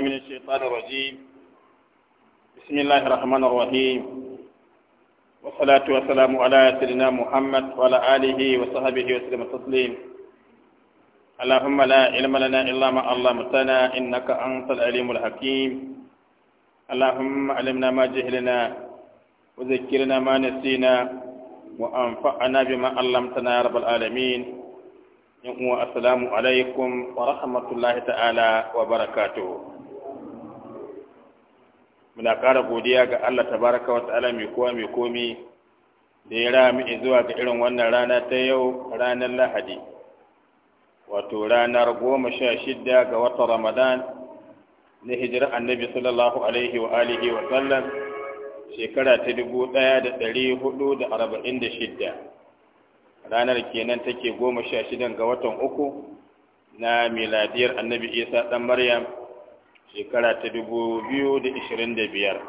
من الشيطان الرجيم بسم الله الرحمن الرحيم والصلاة والسلام على سيدنا محمد وعلى آله وصحبه وسلم تسليم اللهم لا علم لنا إلا ما علمتنا إنك أنت العليم الحكيم اللهم علمنا ما جهلنا وذكرنا ما نسينا وأنفعنا بما علمتنا يا رب العالمين السلام عليكم ورحمة الله تعالى وبركاته muna ƙara godiya ga Allah tabaraka wa ta'ala mai kowa mai komi da ya rami zuwa ga irin wannan rana ta yau ranar Lahadi wato ranar goma sha shida ga watan Ramadan na hijira annabi sallallahu alaihi wa alihi wa sallam shekara ta dubu ɗaya da ɗari hudu da arba'in da shida. ranar kenan take goma sha shidan ga watan uku na miladiyar annabi isa ɗan maryam shekara ta dubu biyu da ishirin da biyar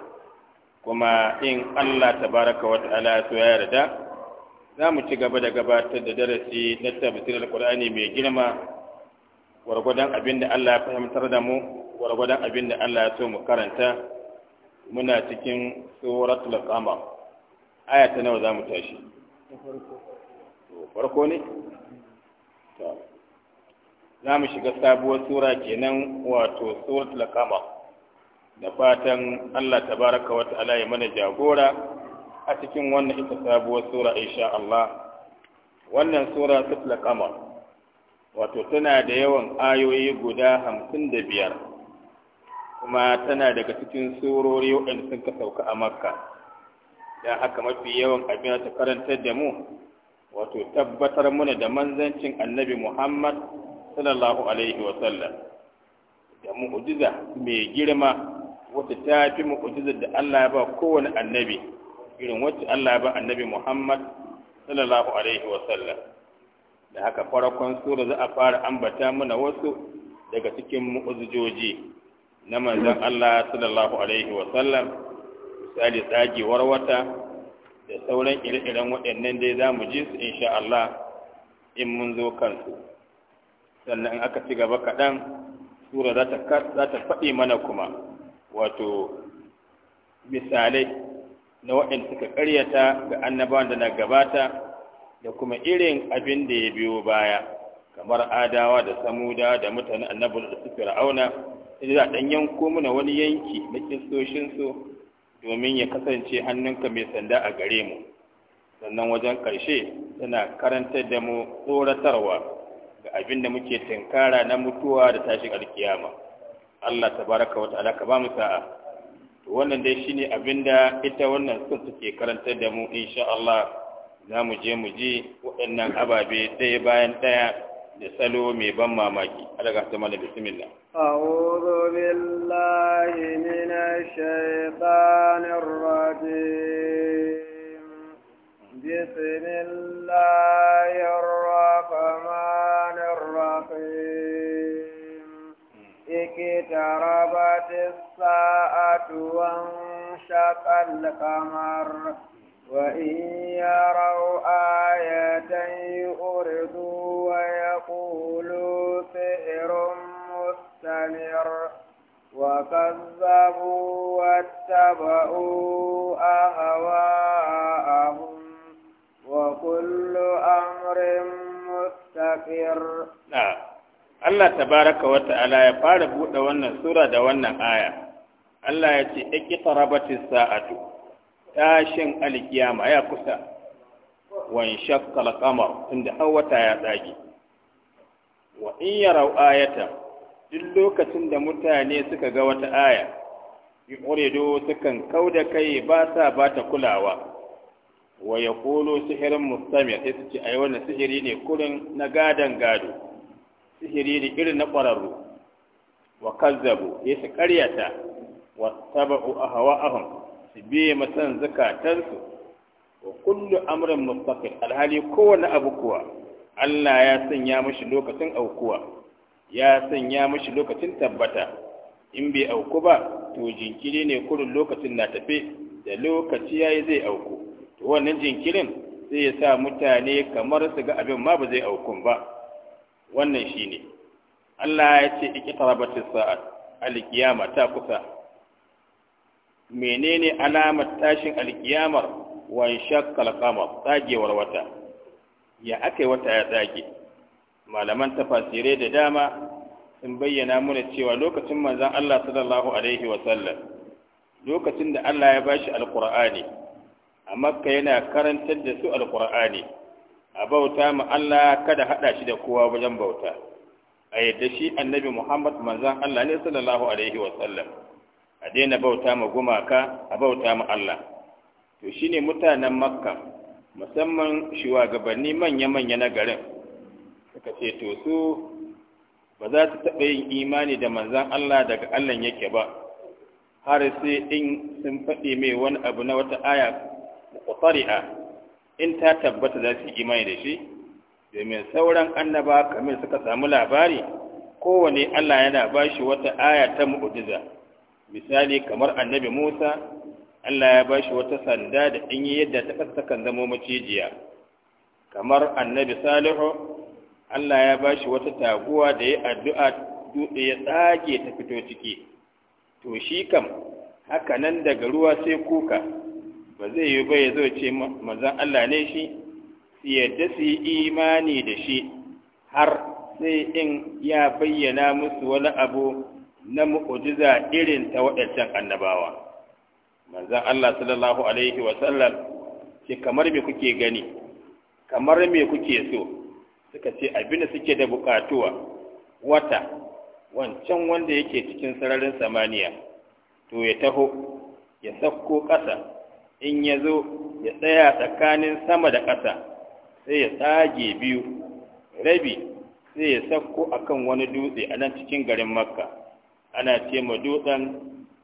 kuma in allah Ta baraka wata so ya yarda za mu ci gaba da gabatar da darasi na tafsirar qur'ani mai girma gwargwadon abin da allah ya fahimtar da mu gwargwadon abin da allah ya so mu karanta muna cikin suratul qamar aya ta nawa za mu tashi farko ne za mu shiga sabuwar sura kenan wato suratul lakama da fatan Allah tabaraka wa ta'ala ya mana jagora a cikin wannan ita sabuwar sura insha Allah wannan sura suratul lakama wato tana da yawan ayoyi guda hamsin da biyar kuma tana daga cikin surori waɗanda sun ka sauka a makka Da haka mafi yawan abin ta karantar da mu wato tabbatar muna da manzancin annabi muhammad sallallahu alaihi wa sallam da mu'jiza mai girma wata ta fi mu'jizar da Allah ya ba kowane annabi irin wacce Allah ya ba annabi Muhammad sallallahu alaihi wa sallam da haka farkon sura za a fara ambata mana wasu daga cikin mu'jizoji na manzon Allah sallallahu alaihi wa sallam misali tsagewar wata da sauran ire-iren waɗannan dai za mu ji su insha Allah in mun zo kansu sannan aka ci gaba kaɗan sura za ta faɗi mana kuma wato misalai na waɗanda suka ƙaryata ga annabawan da na gabata da kuma irin abin da ya biyo baya kamar adawa da samuda da mutane annabawa da su fir'auna sai za ɗan yanko mana wani yanki na kistoshinsu domin ya kasance hannunka mai sanda a gare mu sannan wajen ƙarshe tana karanta da mu tsoratarwa ga abin da muke tinkara na mutuwa da tashin alkiyama Allah tabaraka wa ta'ala ka ba mu sa'a to wannan dai shine abin da ita wannan sun take karantar da mu insha Allah za mu je mu ji waɗannan ababe ɗaya bayan ɗaya da salo mai ban mamaki alaga ta mala bismillah a'udhu billahi minash shaitanir rajim الله الرحمن اقتربت الساعة وانشق القمر وإن يروا آية يؤردوا ويقولوا سحر مستمر وكذبوا واتبعوا أهواءهم وكل أمر مستقر نعم Allah tabaraka wa ta'ala ya fara buɗe wannan sura da wannan aya Allah ya ce iqtarabatis sa'atu tashin alkiyama ya kusa wa inshaqqa al-qamar inda wata ya tsage wa in yaraw ayata duk lokacin da mutane suka ga wata aya yuridu sukan kauda kai ba sa ba ta kulawa wa yaqulu sihrun mustamir sai su ce ai wannan sihiri ne kurin na gadon gado sihiri ne irin na ƙwararru wa kazzabu ya su ƙaryata wa taba'u ahun su biye masan zukatansu wa kullu amrin mustaqil alhali kowane abu kuwa Allah ya sanya mashi lokacin aukuwa ya sanya mashi lokacin tabbata in bai auku ba to jinkiri ne kurin lokacin na tafe da lokaci ya yi zai auku to wannan jinkirin zai sa mutane kamar su ga abin ma ba zai aukun ba wannan shi ne. Allah ya ce iqtarabatis sa'at alqiyama ta kusa menene alamar tashin alƙiyamar wani shaqqal tsagewar wata ya yi wata ya tsage malaman tafasirai da dama sun bayyana mana cewa lokacin manzan Allah sallallahu alaihi wasallam lokacin da Allah ya bashi alkur'ani a makka yana karantar da su alkur'ani a bauta ma Allah kada haɗa shi da kowa wajen bauta a yadda shi annabi Muhammad manzan Allah ne sallallahu alaihi wasallam a daina bauta ma gumaka a bauta ma Allah to shine mutanen Makka musamman shugabanni manya-manya na garin suka ce to su ba za su taɓa yin imani da manzan Allah daga Allah yake ba har sai in sun faɗi mai wani abu na wata aya da in ta tabbata za su yi imani da shi domin sauran annaba kamar suka samu labari kowane Allah yana ba shi wata aya ta mu'ujiza misali kamar annabi Musa Allah ya ba shi wata sanda da in yi yadda ta kasa kan zama macijiya kamar annabi Salihu Allah ya ba shi wata taguwa da ya addu'a dutse ya tsage ta fito ciki to shi kam haka nan daga ruwa sai kuka ba zai yi ba ya zo ce manzan Allah ne shi su yadda su yi imani da shi har sai in ya bayyana musu wani abu na mu'ujiza irin ta waɗancan annabawa Manzan Allah sallallahu alaihi wa ce kamar me kuke gani kamar me kuke so suka ce abin da suke da bukatuwa wata wancan wanda yake cikin sararin samaniya to ya taho ya sauko ƙasa in ya zo ya tsaya tsakanin sama da ƙasa sai ya tsage biyu rabi sai ya a kan wani dutse a nan cikin garin makka ana ce ma dutsen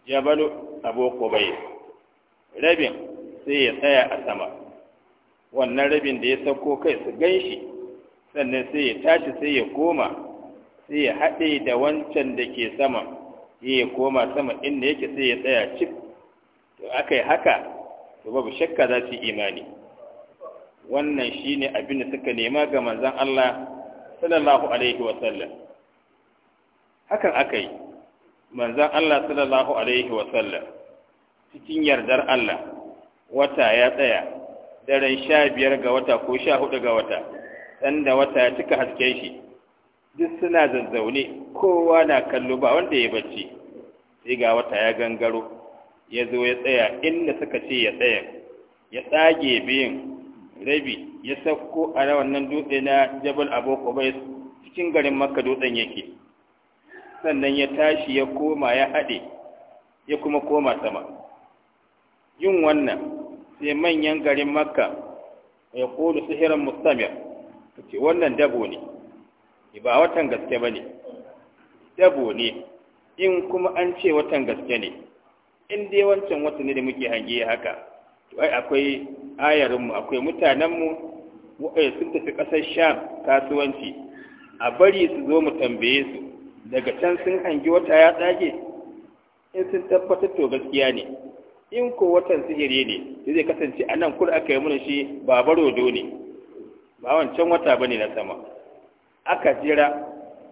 jabalu aboko bai rabin sai ya tsaya a sama wannan rabin da ya sauko kai su gan sannan sai ya tashi sai ya koma sai ya haɗe da wancan da ke sama sai ya koma sama inda yake sai ya tsaya cif to aka yi haka to babu shakka za su yi imani wannan shine abin da suka nema ga manzon Allah sallallahu alaihi wasallam hakan aka yi manzon Allah sallallahu alaihi wasallam cikin yardar Allah wata ya tsaya daren sha biyar ga wata ko sha hudu ga wata sanda wata ya cika hasken shi duk suna zazzaune kowa na kallo ba wanda ya bacci sai ga wata ya gangaro ya zo ya tsaya inda suka ce ya tsaya ya tsage biyun rabi ya sauko a wannan dutse na jabal aboko bai cikin garin makka dutsen yake sannan ya tashi ya koma ya haɗe ya kuma koma sama yin wannan sai manyan garin makka ya kolo sihirin mustamir ce wannan dabo ne ba watan gaske ba ne dabo ne in kuma an ce watan gaske ne in dai wancan wata ne da muke hange haka to ai akwai ayarinmu akwai mutanenmu waɗanda sun tafi ƙasar sham kasuwanci a bari su zo mu tambaye su daga can sun hangi wata ya tsage in sun tabbatar to gaskiya ne in ko watan sihiri ne zai kasance a nan kur aka yi mana shi ba barodo ne ba wancan wata ba ne na sama aka jira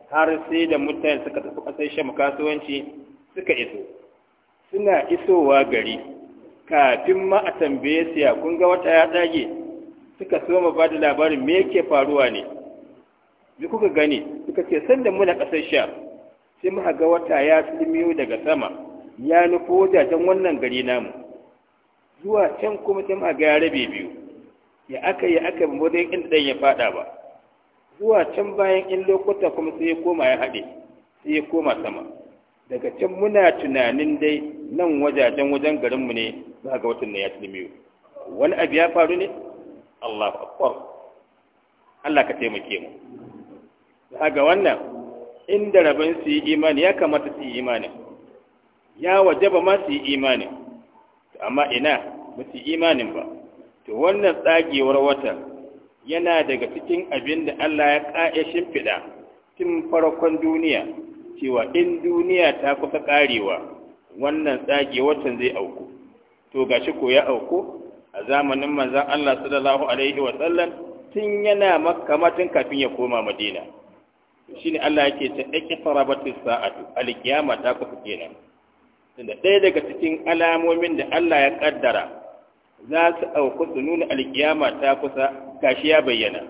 har sai da mutane suka tafi ƙasar sham kasuwanci suka iso suna isowa gari kafin ma a tambaye su ya kun ga wata ya tsage suka so ma ba da labarin me yake faruwa ne duk kuka gani suka ce sanda muna ƙasar sha sai muka ga wata ya tsimiyo daga sama ya nufo wajajen wannan gari namu zuwa can kuma sai muka ga ya rabe biyu ya aka yi aka ba wajen inda ɗan ya faɗa ba zuwa can bayan in lokuta kuma sai ya koma ya haɗe sai ya koma sama daga can muna tunanin dai nan wajajen wajen garinmu ne za ga watan na ya tilmiyo wani abu ya faru ne Allahu akbar Allah ka taimake mu ga wannan inda rabin su yi imani ya kamata su yi imani ya wajaba ma su yi imani amma ina ba su yi imanin ba to wannan tsagewar wata yana daga cikin abin da Allah ya ƙa'ya shimfiɗa tun farkon duniya cewa in duniya ta kusa karewa wannan tsage watan zai auku to gashi ko ya auku a zamanin manzon Allah sallallahu alaihi wa sallam tun yana makka kafin ya koma madina shine Allah yake ta farabatun sa'atu alqiyama ta kusa kenan tunda ɗaya daga cikin alamomin da Allah ya ƙaddara za su auku su nuna alkiyama ta kusa gashi ya bayyana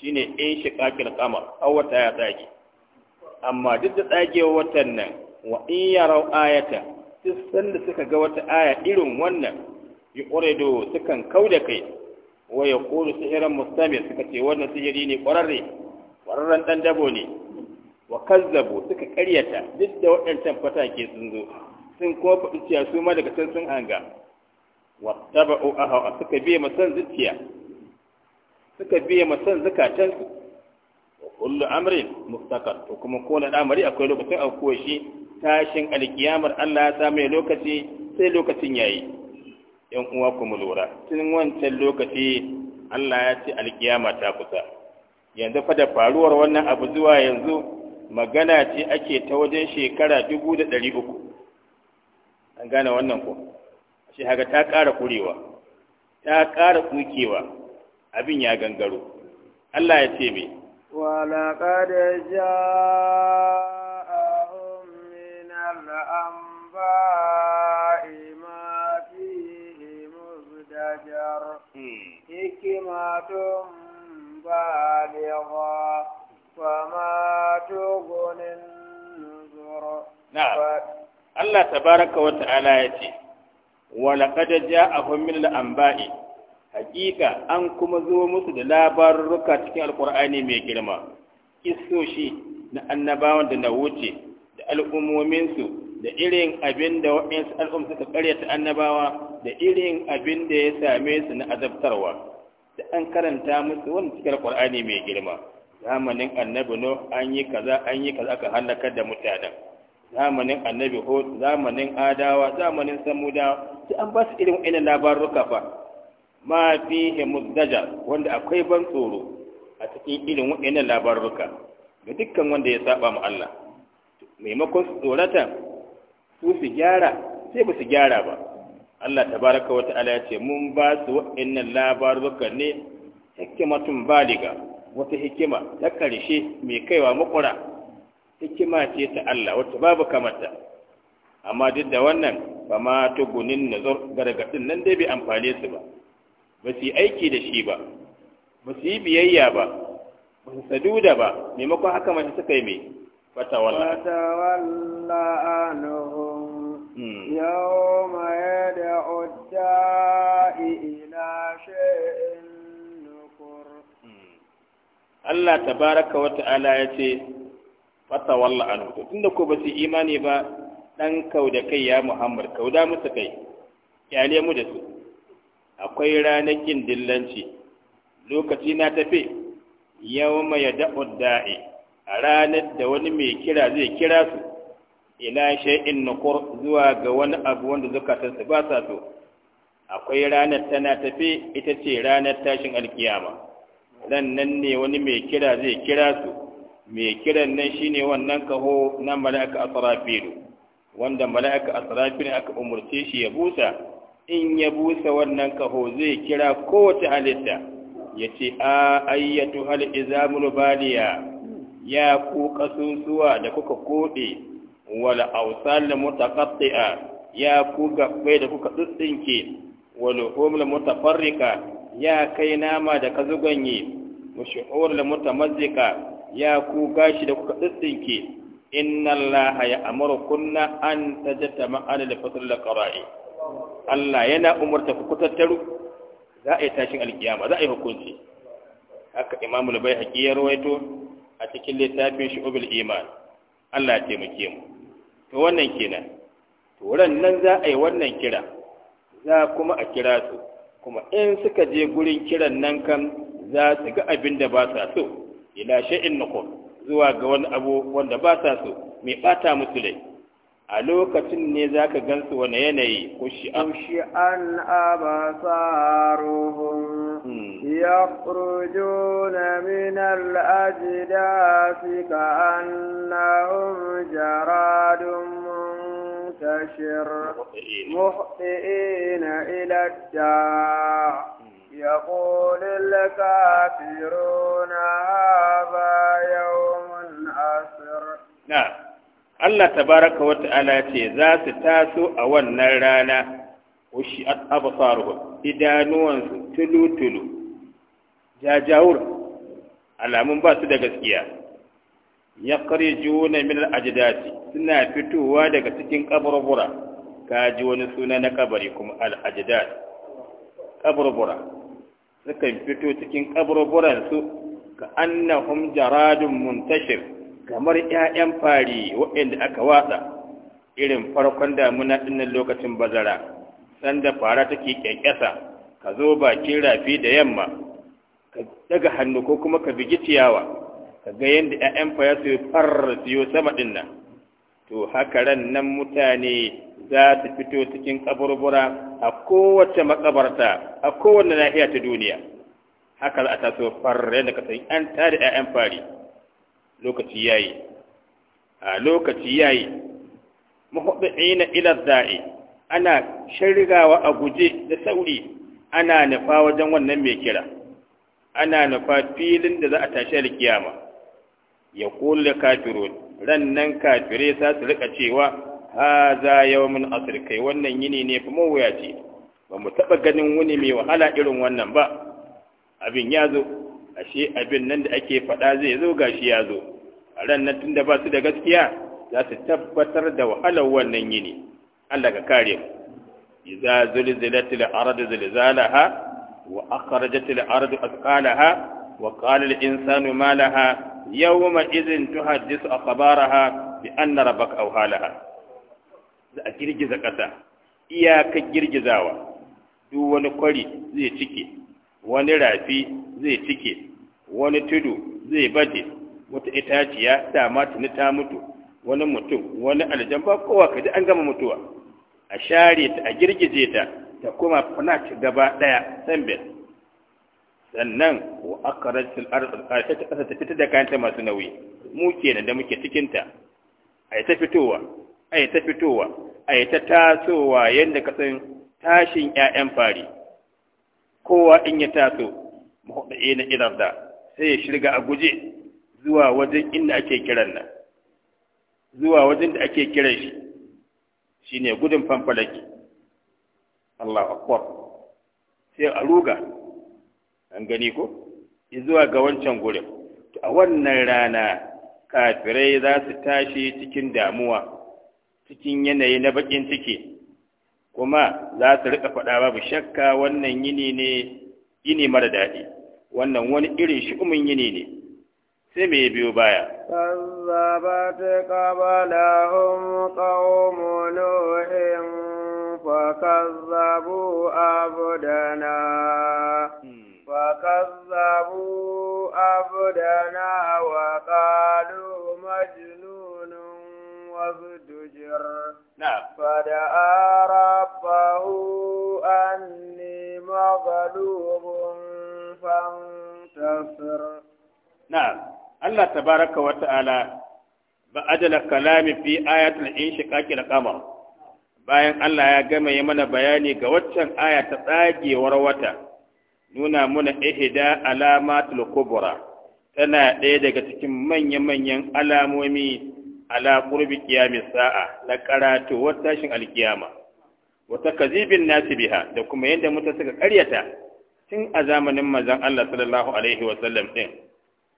shine in shiqaqil qamar aw ta ya tsage amma duk da tsagewa watan nan wa in yarau ayata duk sanda suka ga wata aya irin wannan yi ƙurido sukan kau da kai wa ya ƙuru sihiran mustamir suka ce wannan sihiri ne ƙwararre ƙwararren ɗan dabo ne wa kazzabu suka ƙaryata duk da waɗancan fatake sun zo sun kuma faɗi cewa su ma daga can sun hanga Wa wattaba'u ahawa suka ma masan zuciya suka biye masan zukatansu kullu amrin mustaqar to kuma kowane al'amari akwai lokacin aukuwa shi tashin alkiyamar Allah ya samu lokaci sai lokacin yayi yan uwa kuma lura tun wancan lokaci Allah ya ce alkiyama ta kusa yanzu fa da faruwar wannan abu zuwa yanzu magana ce ake ta wajen shekara dubu da uku an gane wannan ko shi haka ta ƙara kurewa ta ƙara kukewa abin ya gangaro Allah ya ce mai Walaƙaɗa ja a hommin la'ambani ma fiye da jar hikima Allah ta baraka na kawar ta'ala ya ce. Walaƙaɗa ja a hommin la'ambani. hakika an kuma zo musu da labarurruka cikin alkur'ani mai girma kisoshi na annabawan da na wuce da al'ummominsu da irin abin da waɗansu al'umma suka karyata annabawa da irin abin da ya same su na azabtarwa da an karanta musu wani cikin alkur'ani mai girma zamanin annabi no an yi kaza an yi kaza aka halakar da mutanen zamanin annabi hud zamanin adawa zamanin samudawa sai an ba su irin wa'annan labarurruka fa ma fihi daja wanda akwai ban tsoro a cikin irin waɗannan labaruka ga dukkan wanda ya saba ma Allah maimakon su tsorata su su gyara sai ba su gyara ba Allah tabaraka wa ta'ala ya ce mun ba su waɗannan labaruka ne hikimatun baliga wata hikima ta karshe mai kaiwa makura hikima ce ta Allah wata babu kamata amma duk da wannan ba ma tugunin nazar gargadin nan dai bai amfane su ba ba su yi aiki da shi ba ba su yi biyayya ba ba su da ba maimakon haka mace suka yi mai fatawalla fatawalla Yau hmm. yawma da da'i ila shay'in nukur hmm. Allah ta baraka tabaraka wa ta'ala yace fatawalla anhu tunda ko ba su imani ba ɗan kau da kai ya Muhammad da musu kai kyale mu da su akwai ranakin dillanci lokaci na tafe yawma ya da'u da'i a ranar da wani mai kira zai kira su ila shay'in nukur zuwa ga wani abu wanda su ba sa so akwai ranar tana tafe ita ce ranar tashin alkiyama nan ne wani mai kira zai kira su mai kiran nan shine wannan kaho na mala'ika asrafilu wanda mala'ika asrafilu aka umurce shi ya busa in ya busa wannan kaho zai kira kowace halitta ya ce a ayyatu hal izamul baliya ya ku kasusuwa da kuka kode wala awsal mutaqatti'a ya ku gabbai da kuka tsintsinke wala humul mutafarrika ya kai nama da kazuganye mushuhur la mutamazzika ya ku gashi da kuka tsintsinke inna allaha ya amuru kunna an tajtama lil al al-qara'i Allah yana umarta ku kutattaru za a yi tashin alkiyama za a yi hukunci haka imamu labai haƙi ya rawaito a cikin littafin shi'ubul iman Allah ya taimake mu to wannan kenan to ran nan za a yi wannan kira za kuma a kira su kuma in suka je gurin kiran nan kan za su ga abin da ba sa so ila shay'in nakum zuwa ga wani abu wanda ba sa so mai bata musu lai a lokacin ne za ka gansu wani yanayi kushi'an abasaruhum hmm. yakhrujuna min al-ajdasi ka'annahum jaradun muntashir na ila ya ƙuli يقول الكافرون هذا يوم عسر Allah tabaraka wa ta'ala ce za su taso a wannan rana wushi faruwa, idanuwansu tulutulu jajawur alamun ba su da gaskiya yakhrijuna min al-ajdati suna fitowa daga cikin Ka ji wani suna na ƙabari kuma al ƙabarbura, sukan fito cikin ƙabarburansu ka annahum jaradun muntashir kamar 'ya'yan fari waɗanda aka watsa irin farkon damuna ɗinnan lokacin bazara sanda fara take kyankyasa ka zo bakin rafi da yamma ka daga hannu ko kuma ka bigi ciyawa ka ga yadda 'ya'yan fari su far siyo sama ɗinnan to haka ran nan mutane za su fito cikin kaburbura a kowace makabarta a kowane nahiya ta duniya haka za a taso far yadda ka san an tare 'ya'yan fari lokaci yayi a lokaci yayi muhabbina ila da'i ana shirgawa a guje da sauri ana nufa wajen wannan mai kira ana nufa filin da za a tashi kiyama ya da kafirun rannan kafire za su rika cewa haza yawmin asr kai wannan yini ne fa mawuyaci ba mu taba ganin wani mai wahala irin wannan ba abin ya zo ashe abin nan da ake faɗa zai zo gashi ya zo a ranar tun da ba su da gaskiya za su tabbatar da wahalar wannan yini Allah ka kare mu iza zulzilat al-ardu zilzalaha wa akhrajat al-ardu athqalaha wa qala al-insanu ma laha yawma idhin tuhaddisu akhbaraha bi anna rabbaka awhalaha za a girgiza ƙasa iyaka girgizawa duk wani kwari zai cike wani rafi zai cike wani tudu zai baje wata itaciya dama tuni ta mutu wani mutum wani aljan ba kowa kaji an gama mutuwa a share ta a girgije ta ta kuma fanaci gaba daya sambel sannan wa akaratul ardh ta kasa ta fita da kayanta masu nauyi mu kenan da muke cikin ta ai ta fitowa ai ta fitowa ai ta tasowa yanda kasan tashin ƴaƴan fari kowa in ya taso na irar da sai ya shirga a guje zuwa wajen inda ake kiran nan zuwa wajen da ake kiran shi shi ne gudun fanfalaki Allahu akwar sai a ruga an gani ko zuwa ga wancan gurin to a wannan rana kafirai za su tashi cikin damuwa cikin yanayi na bakin ciki kuma za su riƙa faɗa babu shakka wannan yini ne yini mara daɗi wannan wani irin shi'umin yini ne sai mai biyo baya kazzabat qablahum qaumun nuhin fa kazzabu abdana fa kazzabu abdana wa qalu majnun وازدجر نعم فدعا ربه أني مغلوب فانتصر نعم الله تبارك وتعالى بأجل كلام في آية الإنشقاق القمر bayan Allah ya gama yi mana bayani ga waccan aya ta tsagewar wata nuna muna ihda alamatul kubra tana ɗaya daga cikin manya-manyan alamomi ala qurbi qiyamis sa'a na karatu tashin alkiyama wata kazibin nasi biha da kuma yadda muta suka karyata tun a zamanin manzon Allah sallallahu alaihi wa sallam din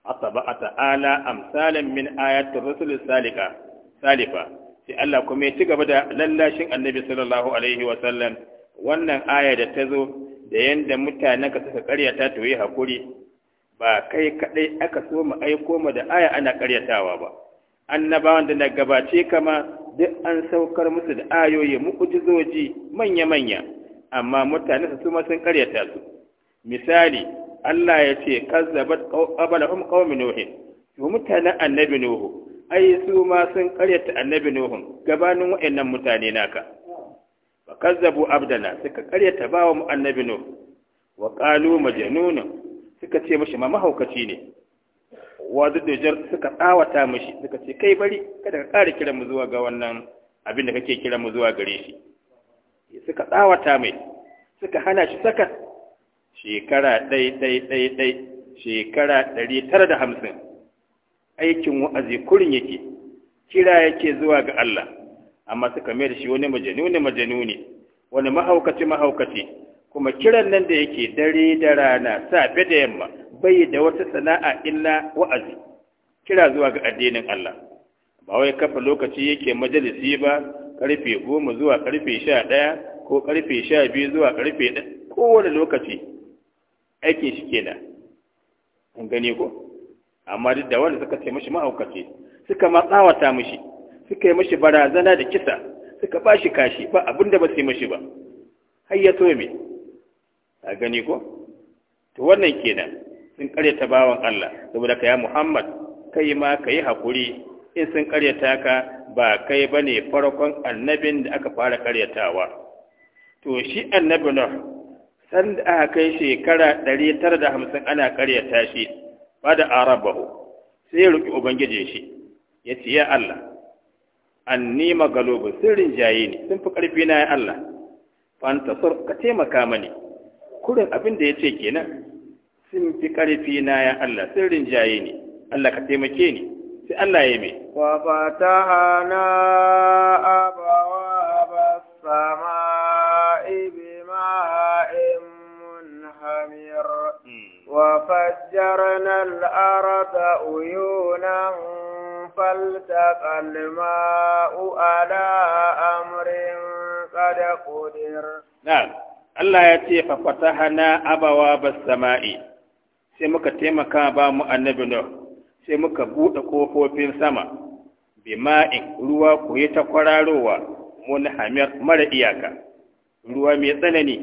asaba ta'ala amsalan min ayatir rasul salika salifa sai Allah kuma ya ci gaba da lallashin annabi sallallahu alaihi wa sallam wannan aya da ta zo da yadda mutanen ka suka karyata to yi hakuri ba kai kadai aka so mu aiko mu da aya ana karyatawa ba annabawan da na gabace kama duk an saukar musu da ayoyi mu'ujizoji manya-manya amma mutane su ma sun karyata su misali Allah ya ce kazzabat qablahum qaum nuh to mutanen annabi nuhu ai su ma sun karyata annabi nuhu gabanin wayannan mutane naka fa kazzabu abdana suka karyata bawa mu annabi nuhu wa qalu majnun suka ce mishi ma mahaukaci ne da jar suka tsawata mishi suka ce kai bari kada ka ƙara kiran mu zuwa ga wannan abin da kake kiran mu zuwa gare shi suka tsawata mai suka hana shi saka shekara ɗai ɗai ɗai ɗai shekara ɗari tara da hamsin aikin wa'azi kurin yake kira yake zuwa ga Allah amma suka mai da shi wani majanuni majanuni wani mahaukaci mahaukaci kuma kiran nan da yake dare da rana safe da yamma bai da wata sana'a illa wa'azi kira zuwa ga addinin Allah ba wai kafa lokaci yake majalisi ba karfe goma zuwa karfe sha ɗaya ko karfe sha biyu zuwa karfe ɗaya kowane lokaci aikin shi kenan kun gani ko amma duk da wanda suka ce mashi ma'aukaci suka matsawata tsawata mashi suka yi mashi barazana da kisa suka ba shi kashi ba abinda ba su yi mashi ba har ya so me a gani ko to wannan kenan sun karyata bawan Allah saboda ka ya Muhammad kai ma ka yi haƙuri in sun karyata ka ba kai ba ne farkon annabin da aka fara karyatawa to shi annabi Nuh san da aka kai shekara ɗari tara da hamsin ana karyata shi ba da arabahu sai ya roƙi ubangijin shi ya ce ya Allah nima magalubun sirrin rinjaye ne sun fi ƙarfi na ya Allah fantasar ka taimaka mani kurin abin da ya ce kenan sun fi ƙarfi na ya Allah sun rinjaye ni Allah ka taimake ni sai Allah ya yi mai wa fatahana abawaba sama'i bima'in munhamir hmm. wa fajjarna al-arda uyunan فالتقى الماء على أمر قد قدر نعم Allah ya ce fafatahana abawa bas sama'i sai muka taimaka ba mu annabi nuh sai muka buɗe kofofin sama ma'in ruwa ku yi ta kwararowa mun hamir mara iyaka ruwa mai tsanani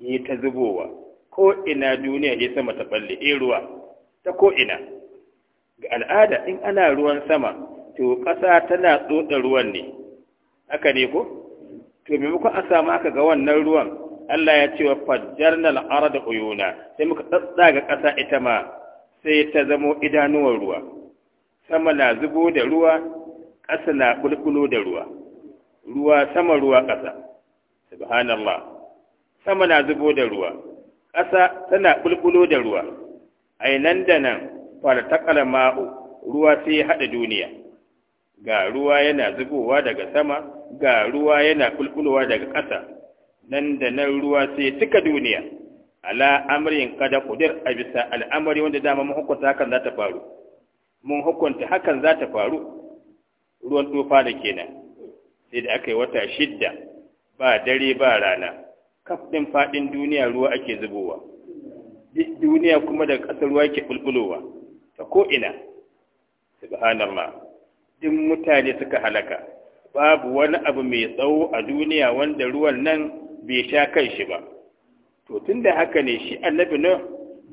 yi ta zubowa ko ina duniya ya sama ta balle e eh, ruwa ta ko ina ga al'ada in ana ruwan sama to ƙasa tana tsotsa ruwan ne haka ne ko to maimakon a samu aka ga wannan ruwan Allah ya ce wa fajjarna al'ara da uyuna sai muka ga ƙasa ita ma sai ta zamo idanuwar ruwa sama na zubo da ruwa ƙasa na bulbulo da ruwa ruwa sama ruwa ƙasa subhanallah sama na zubo da ruwa ƙasa tana bulbulo da ruwa A nan da nan fara takala ma'u ruwa sai ya haɗa duniya ga ruwa yana zubowa daga sama ga ruwa yana bulbulowa daga ƙasa nan da nan ruwa sai cika duniya ala amrin kada kudir a bisa al'amari wanda dama mun hukunta hakan za ta faru mun hukunta hakan za ta faru ruwan tufa da kenan sai da aka yi wata shidda ba dare ba rana kaf ɗin faɗin duniya ruwa ake zubowa duniya kuma da ƙasar ruwa ke bulbulowa ta ko'ina subhanallah duk mutane suka halaka babu wani abu mai tsawo a duniya wanda ruwan nan bai sha kan shi ba to tun da haka ne shi annabi nuh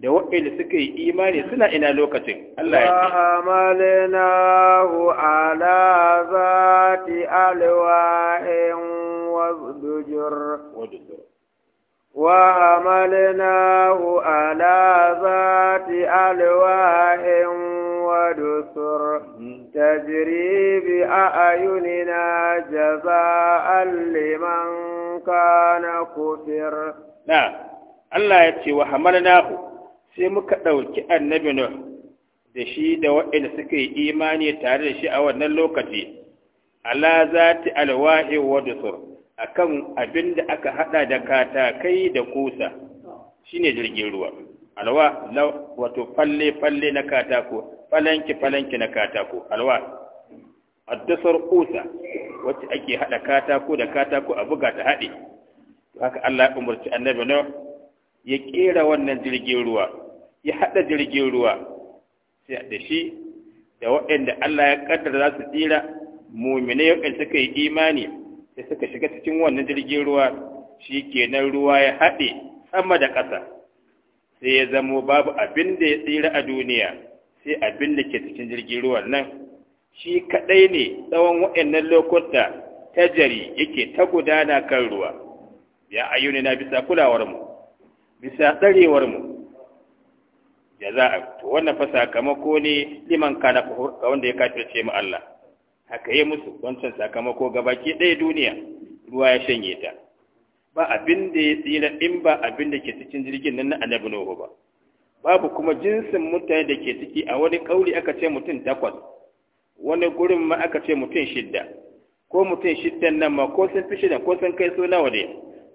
da waɗanda suka yi imani suna ina lokacin Allah ya ce hu ala zati alwa'in wasdujur wasdujur وعملناه على ذات ألواح ودسر تجري بأعيننا جزاء لمن كان كفر نعم الله يتي وحملناه wa hamalnahu sai muka da shi da waɗanda suka yi imani tare da shi a wannan lokaci ala zati alwahi wa dusur akan abin da aka hada da katakai da kusa shine jirgin ruwa alwa wato falle falle na katako falanki falanki na katako alwa addasar kusa wacce ake hada katako da katako a buga ta hade haka Allah ya umarci annabi Nuh ya kera wannan jirgin ruwa ya hada jirgin ruwa sai da shi da waɗanda Allah ya kaddara za su tsira mu'minai waɗanda suka yi imani Da suka shiga cikin wannan jirgin ruwa shi kenan ruwa ya haɗe sama da ƙasa sai ya zamo babu abin da ya tsira a duniya sai abin da ke cikin jirgin ruwan nan shi kaɗai ne tsawon waɗannan lokuta ta jari yake ta gudana kan ruwa ya ayyuni na bisa kulawarmu bisa tsarewarmu za to wannan fa sakamako ne liman kana ka wanda ya kafirce mu Allah haka yi musu wancan sakamako gabaki ɗaya duniya ruwa ya shanye ta ba abin da ya tsira in ba abin da ke cikin jirgin nan na annabi nuhu ba babu kuma jinsin mutane da ke ciki a wani kauri aka ce mutum takwas wani gurin ma aka ce mutum shidda ko mutum shiddan nan ma ko sun fi shida ko sun kai so nawa ne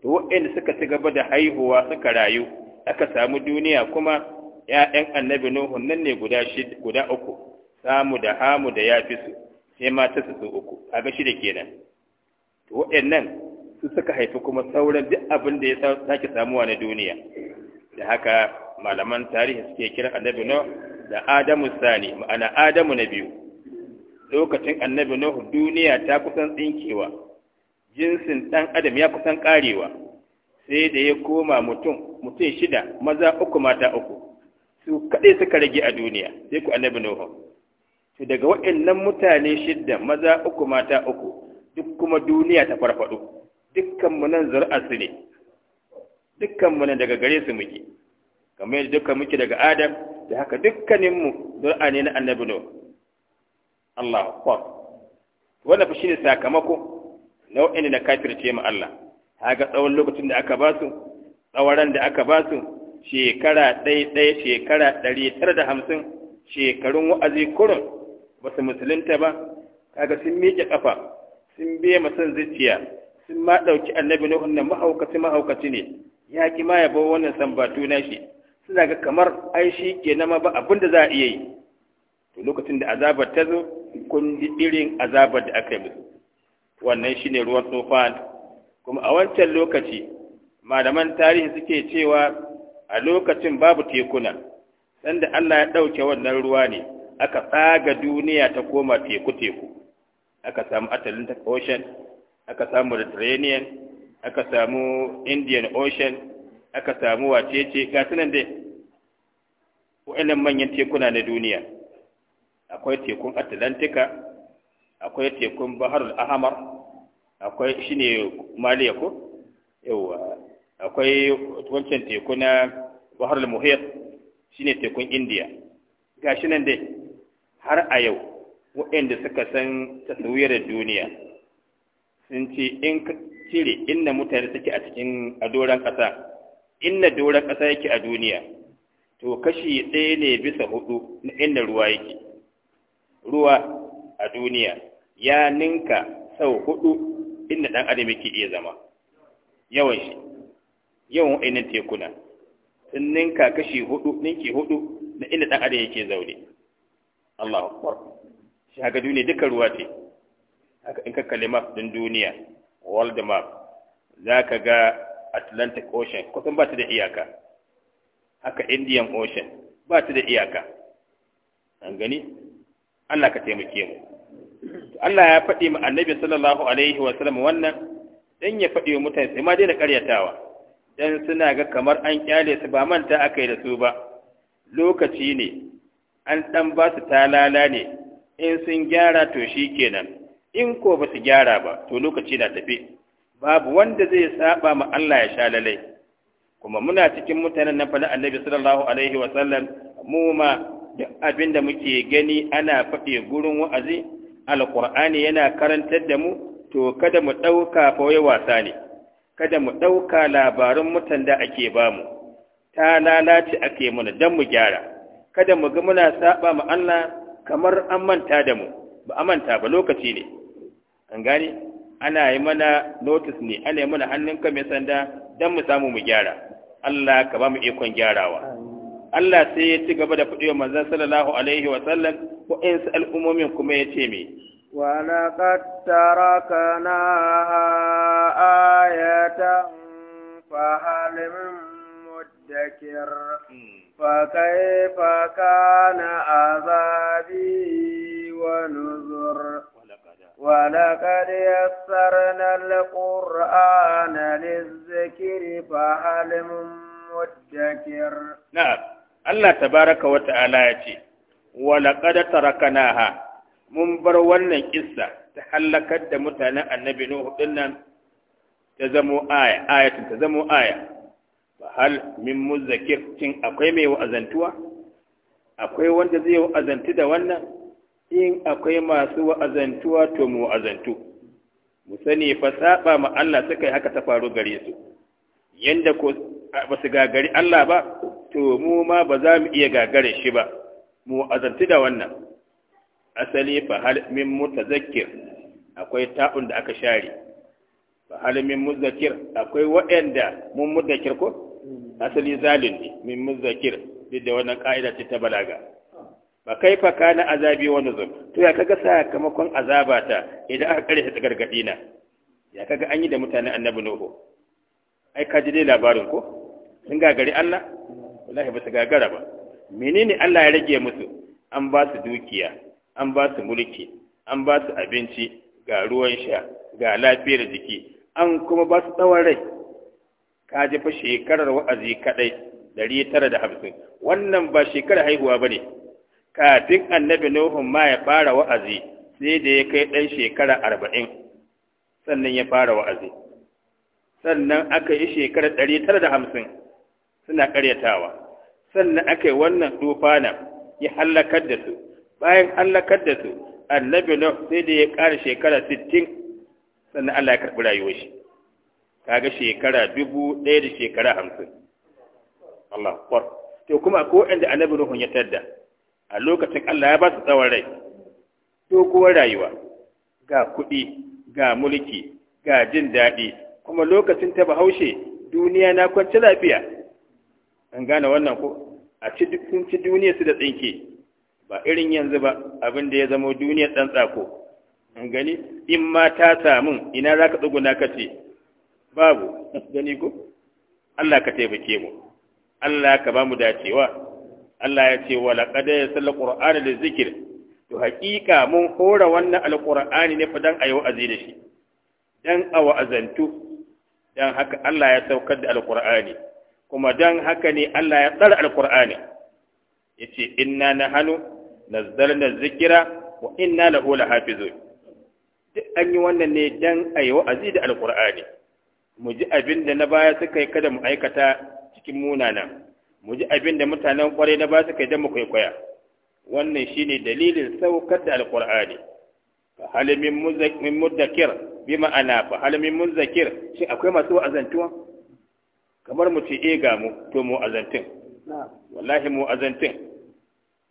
to waɗanda suka ci gaba da haihuwa suka rayu aka samu duniya kuma ‘ya'yan annabi nuhu nan ne guda uku samu da hamu da yafisu sai mata su su uku ga shida kenan to waɗannan su suka haifi kuma sauran duk abin da ya sake samuwa na duniya da haka malaman tarihi suke kira annabi no da adamu sani ma'ana adamu na biyu lokacin annabi no duniya ta kusan tsinkewa jinsin ɗan adam ya kusan karewa sai da ya koma mutum mutum shida maza uku mata uku su kaɗai suka rage a duniya sai ku annabi nuh to daga waɗannan mutane shidda maza uku mata uku duk kuma duniya ta farfado dukkan mu nan zuri'a su ne dukkan mu nan daga gare su muke kamar yadda dukkan muke daga Adam da haka dukkanin mu zuri'a ne na Annabi no allah Akbar wannan fa ne sakamako na waɗanda na kafirce mu Allah haga tsawon lokacin da aka ba su tsawaran da aka ba su shekara ɗaya ɗaya shekara ɗari tara da hamsin shekarun wa'azi kurun. basu musulunta ba kaga sun miƙe ƙafa sun biya masan zuciya sun ma ɗauki annabi nuhun nan mahaukaci mahaukaci ne ya ki ma yabo wannan sambatu na shi suna ga kamar ai shi ke nama ba abin da za a iya yi to lokacin da azabar ta zo kun ji irin azabar da aka yi musu wannan shine ruwan tsofan kuma a wancan lokaci malaman tarihi suke cewa a lokacin babu tekuna sanda Allah ya ɗauke wannan ruwa ne aka tsaga duniya ta koma teku-teku aka samu atlantic ocean aka samu mediterranean aka samu indian ocean aka samu wacece ga sunan dai wa'annan manyan tekuna na duniya akwai tekun atlantika akwai tekun baharul ahmar akwai shine maliya ko yawa akwai wancan teku na baharul muhit shine tekun India. gashi nan dai har a yau waɗanda suka san taswirar duniya sun ce in cire inna mutane suke a cikin a doron ƙasa inna doron ƙasa yake a duniya to kashi ɗaya ne bisa hudu na inda ruwa yake ruwa a duniya ya ninka sau hudu inda ɗan adam yake iya zama yawan shi yawan wa'annan tekuna sun ninka kashi hudu ninki hudu na inda ɗan adam yake zaune Allah akbar shi haka duniya duka ruwa ce haka in ka kalli map din duniya world map ka ga Atlantic Ocean kusan ba ta da iyaka haka Indian Ocean ba ta da iyaka an gani Allah ka taimake mu Allah ya faɗi ma annabi sallallahu alaihi wa sallam wannan dan ya faɗi wa mutane sai ma dai da ƙaryatawa dan suna ga kamar an kyale su ba manta akai da su ba lokaci ne an ɗan ba su talala ne in sun gyara to shi kenan in ko ba su gyara ba to lokaci na tafi babu wanda zai saba ma Allah ya sha lalai kuma muna cikin mutanen nan fana annabi sallallahu alaihi wa sallam mu ma duk abin da muke gani ana faɗi gurin wa'azi alqur'ani yana karantar da mu to kada mu ɗauka fawai wasa ne kada mu ɗauka labarin mutan da ake bamu ta lalace ake mana dan mu gyara kada mu ga muna saba ma Allah kamar an manta da mu ba a manta ba lokaci ne an gane ana yi mana notice ne ana yi mana hannunka mai sanda don mu samu mu gyara Allah ka ba mu ikon gyarawa Allah sai ya ci gaba da fadiwa manzon sallallahu alaihi wa sallam ko in sa al'ummomin kuma ya ce me ولقد تركنا آية فهل من مدكر فكيف كان عذابي ونذر ولقد يسرنا القرآن للذكر فهل من مدكر نعم الله تبارك وتعالى يتي ولقد تركناها من برولنا قصة تحلقت متنا النبي نوح ان تزموا آية آية تزموا آية fa hal min muzakir, cin akwai mai wa'azantuwa akwai wanda zai wa'azantu da wannan in akwai masu wa'azantuwa to mu wa'azantu mu sani fa saba ma Allah suka yi haka ta faru gare su yanda ko ba su gagari Allah ba to mu ma ba za mu iya gagare shi ba mu wa'azantu da wannan asali fa hal min mutazakkir akwai ta'un da aka share fa hal min muzakir, akwai waɗanda mun muzakkir ko asali zalin ne min muzakir duk da wannan ka'ida ce ta balaga ba kai fa kana azabi wa nuzur to ya kaga sakamakon azabata idan aka kare ta gargadi na ya kaga an yi da mutanen annabi nuhu ai ka ji dai labarin ko sun gagari Allah wallahi ba su gagara ba menene Allah ya rage musu an ba su dukiya an ba su mulki an ba su abinci ga ruwan sha ga lafiyar jiki an kuma ba su tsawon rai ka ji fa shekarar wa'azi kadai ɗari tara da hamsin wannan ba shekarar haihuwa ba ne kafin annabi nuhun ma ya fara wa'azi sai da ya kai ɗan shekara arba'in sannan ya fara wa'azi sannan aka yi shekarar ɗari tara da hamsin suna ƙaryatawa sannan aka yi wannan tufana ya hallakar da su bayan hallakar da su annabi nuh sai da ya ƙara shekara sittin sannan Allah ya karɓi rayuwar shi kaga shekara dubu ɗaya da shekara hamsin Allah kwar to kuma ko inda annabi nuhun ya tadda a lokacin Allah ya ba su tsawon rai To kuwa rayuwa ga kuɗi ga mulki ga jin daɗi kuma lokacin ta bahaushe duniya na kwanci lafiya an gane wannan ko a ci sun ci duniya su da tsinke ba irin yanzu ba abin da ya zama duniyar ɗan tsako an gani in ma ta samu ina za ka tsuguna ka ce babu gani ko Allah ka taimake mu Allah ka ba mu dacewa Allah ya ce wa laqad yasalla qur'ana lizikr to haƙiƙa mun hora wannan alqur'ani ne fa dan ayi wa'azi da shi dan awa azantu. dan haka Allah ya saukar da alqur'ani kuma dan haka ne Allah ya tsara alqur'ani yace inna nahnu nazzalna zikra wa inna lahu lahafizun duk an yi wannan ne dan ayi wa'azi da alqur'ani mu ji abin da na baya suka yi kada mu aikata cikin munana mu ji abin da mutanen kwarai na baya suka yi da mu kwaikwaya wannan shine dalilin saukar da alqur'ani fa hal min muzakkir bi ma'ana fa hal min muzakkir shi akwai masu azantuwa kamar mu ce eh ga mu to mu azantin wallahi mu azantin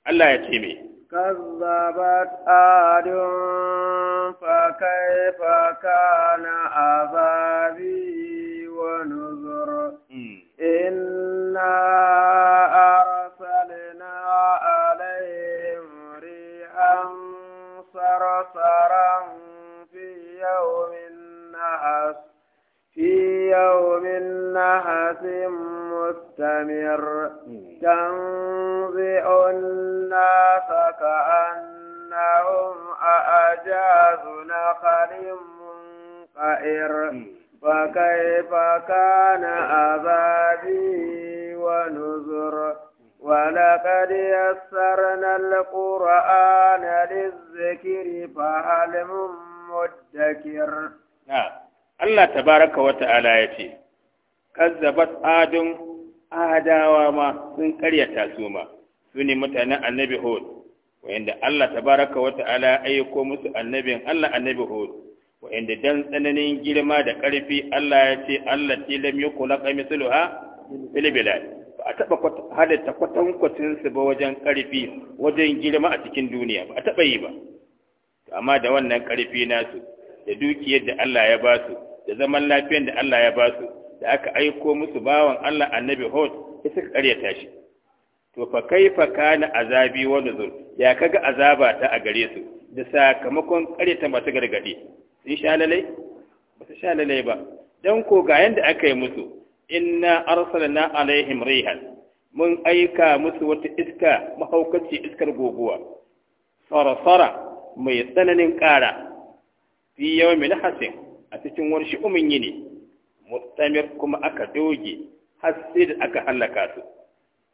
Allah ya ce me كذبت آد فكيف كان عذابي ونذر إنا أرسلنا عليهم ريحا صرصرا في يوم النحس في يوم النحس مستمر تنزع الناس كأنهم أعجاز نخل منقئر فكيف كان عذابي ونذر ولقد يسرنا القرآن للذكر فهل من مدكر نعم الله تبارك وتعالى يتي kazzabat adun adawa ma sun karyata su ma su ne mutanen annabi hud wa'inda Allah tabaraka wa ta'ala aiko musu annabin Allah annabi hud wa'inda dan tsananin girma da ƙarfi Allah ya ce Allah ce lam yukhlaqa mithluha fil bilad ba a taba halatta kwatankwacin su ba wajen ƙarfi wajen girma a cikin duniya ba a taba yi ba amma da wannan ƙarfi nasu da dukiyar da Allah ya ba su da zaman lafiyar da Allah ya ba su da aka aiko musu bawan Allah annabi Hud sai suka karyata shi to fa kaifa kana azabi wa nuzul ya kaga azaba ta a gare su da sakamakon karyata masu gargadi sun sha lalai ba su sha lalai ba dan ko ga yanda aka yi musu inna arsalna alaihim rihan mun aika musu wata iska mahaukaci iskar goguwa sarasara mai tsananin kara fi yawmin hasin a cikin wani shi'umin yini mustamir kuma aka doge har sai da aka hallaka su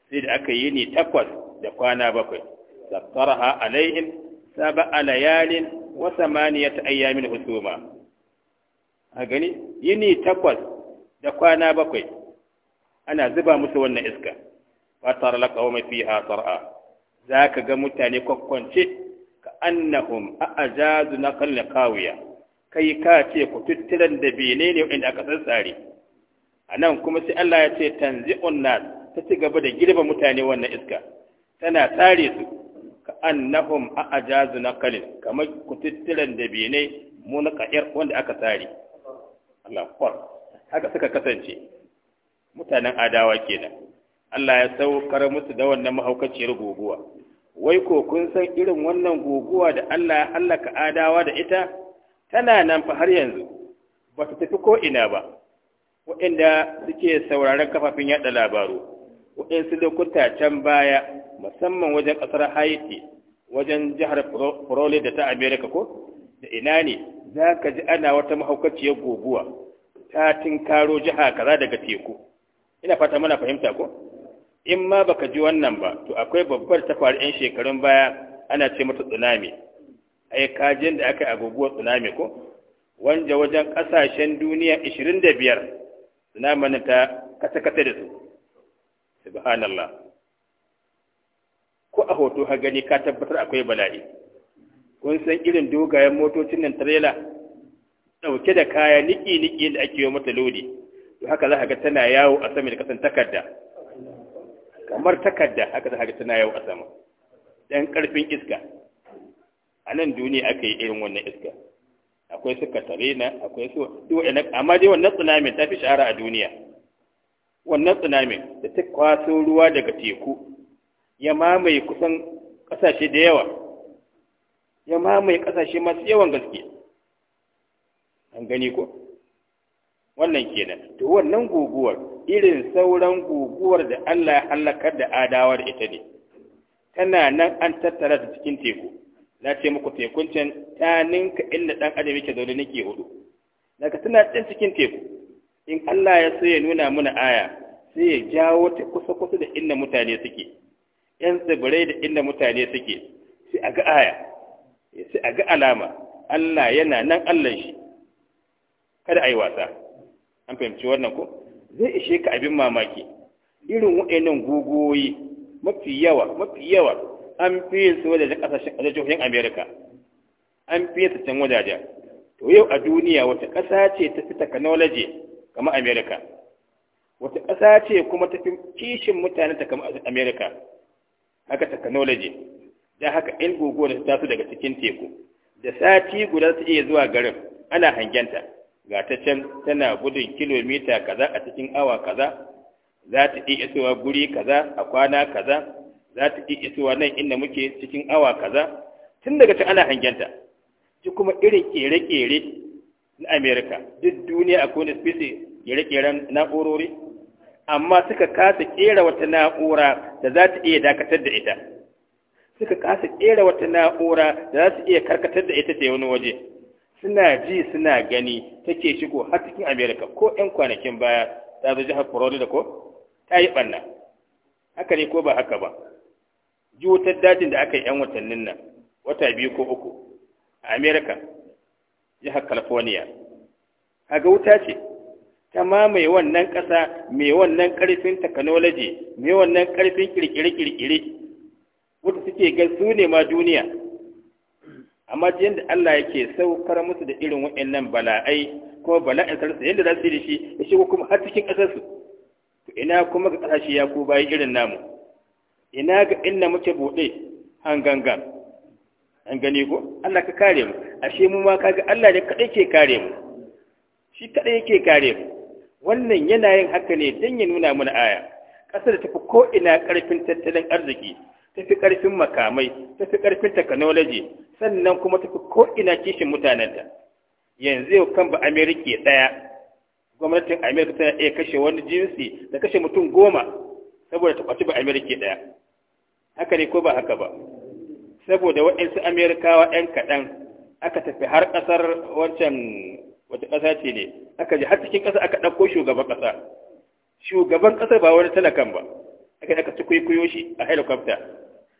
sai da aka yi ni takwas da kwana bakwai sassaraha alaihim saba alayalin wa samaniyata ayyamin husuma a gani ni takwas da kwana bakwai ana zuba musu wannan iska fatar kawo mai fiha Za zaka ga mutane kwakwance ka annahum a'jazu naqal kawuya. kai ka ce ku tuttiran da bene ne inda aka tsantsare a nan kuma sai Allah ya ce tanzi'un nas ta ci gaba da girba mutane wannan iska tana tsare su ka annahum a'jazu naqalin kamar ku tuttiran da bene mu na ka'ir wanda aka tsare Allah kwar haka suka kasance mutanen adawa kenan Allah ya saukar musu da wannan mahaukaciyar guguwa wai ko kun san irin wannan guguwa da Allah ya hallaka adawa da ita tana nan fa har yanzu ba ta tafi ko'ina ba waɗanda suke sauraron kafafen yaɗa labaru waɗansu lokuta can baya musamman wajen ƙasar haiti wajen jihar Florida da ta Amerika ko da ina ne za ka ji ana wata mahaukaciyar guguwa ta tinkaro jiha kaza daga teku ina fata mana fahimta ko in ma baka ji wannan ba to akwai babbar ta faru 'yan shekarun baya ana ce mata tsunami ai kajin da aka yi a guguwar tsunami ko wanda wajen ƙasashen duniya 25 tsunamin ta kata-kata da su subhanallah ko a hoto ha gani ka tabbatar akwai bala'i kun san irin dogayen motocin nan trailer Dauke da kaya niki-niki da ake yi mata lodi to haka za ka ga tana yawo a sama da kasan takarda kamar takarda haka za ka ga tana yawo a sama ɗan ƙarfin iska a nan duniya aka yi irin wannan iska akwai su katarina akwai su duwaɗa amma dai wannan tsunami ta fi shahara a duniya wannan tsunami da ta kwaso ruwa daga teku ya mamaye kusan ƙasashe da yawa ya mamaye ƙasashe masu yawan gaske an gani ko wannan kenan to wannan guguwar irin sauran guguwar da Allah ya halakar da adawa ita ne tana nan an tattara ta cikin teku na ce muku tekun can ta ninka inda ɗan adam yake zaune nake hudu daga tana ɗan cikin teku in Allah ya so ya nuna mana aya sai ya jawo ta kusa kusa da inda mutane suke yan tsibirai da inda mutane suke sai a ga aya sai a ga alama Allah yana nan Allah shi kada a yi wasa an fahimci wannan ko zai ishe ka abin mamaki irin wa'annan gugoyi mafi yawa mafi yawa an fi yin su wajajen ƙasashen amerika an fi yin su can wajajen to yau a duniya wata ƙasa ce ta fi technology kamar amerika wata ƙasa ce kuma ta fi kishin mutane ta kamar amerika haka technology da haka yan gogo da ta daga cikin teku da sati guda su iya zuwa garin ana hangenta ga ta can tana gudun kilomita kaza a cikin awa kaza za ta iya isowa guri kaza a kwana kaza za ta ke isowa nan inda muke cikin awa kaza tun daga ta ana hangenta shi kuma irin kere-kere na amerika duk duniya a kone spisi kere-keren na'urori amma suka kasa kera wata na'ura da za ta iya dakatar da ita suka kasa kera wata na'ura da za su iya karkatar da ita ta wani waje suna ji suna gani take shigo har cikin amerika ko 'yan kwanakin baya ta zo jihar florida ko ta yi ɓanna haka ne ko ba haka ba ji wutar dajin da aka yi 'yan watannin nan wata biyu ko uku a amerika jihar california haga wuta ce ta mamaye wannan ƙasa mai wannan ƙarfin technology mai wannan ƙarfin kirkire-kirkire wuta suke ga su ne ma duniya amma da Allah yake saukar musu da irin wa'annan bala'ai kuma bala'in sarsa yadda za su yi da shi ya shigo kuma har cikin ƙasarsu to ina kuma ga ƙasashe ya ku bayan irin namu ina ga inda muke buɗe hangangan an gani ko Allah ka kare mu ashe mu ma kaga Allah ne kadai ke kare mu shi kadai yake kare mu wannan yana yin haka ne dan ya nuna mana aya kasar tafi ko ina karfin tattalin arziki tafi karfin makamai tafi karfin technology sannan kuma tafi ko ina kishin mutanenta yanzu yau kan ba Amerika daya gwamnatin Amerika tana iya kashe wani jinsi da kashe mutum goma saboda ta kwaci ba Amerika ɗaya haka ne ko ba haka ba saboda waɗansu amerikawa 'yan kaɗan aka tafi har ƙasar wancan wata ƙasa ce ne aka ji har cikin ƙasa aka ɗauko shugaban ƙasa shugaban ƙasar ba wani talakan ba aka aka ci kwaikwayo shi a helicopter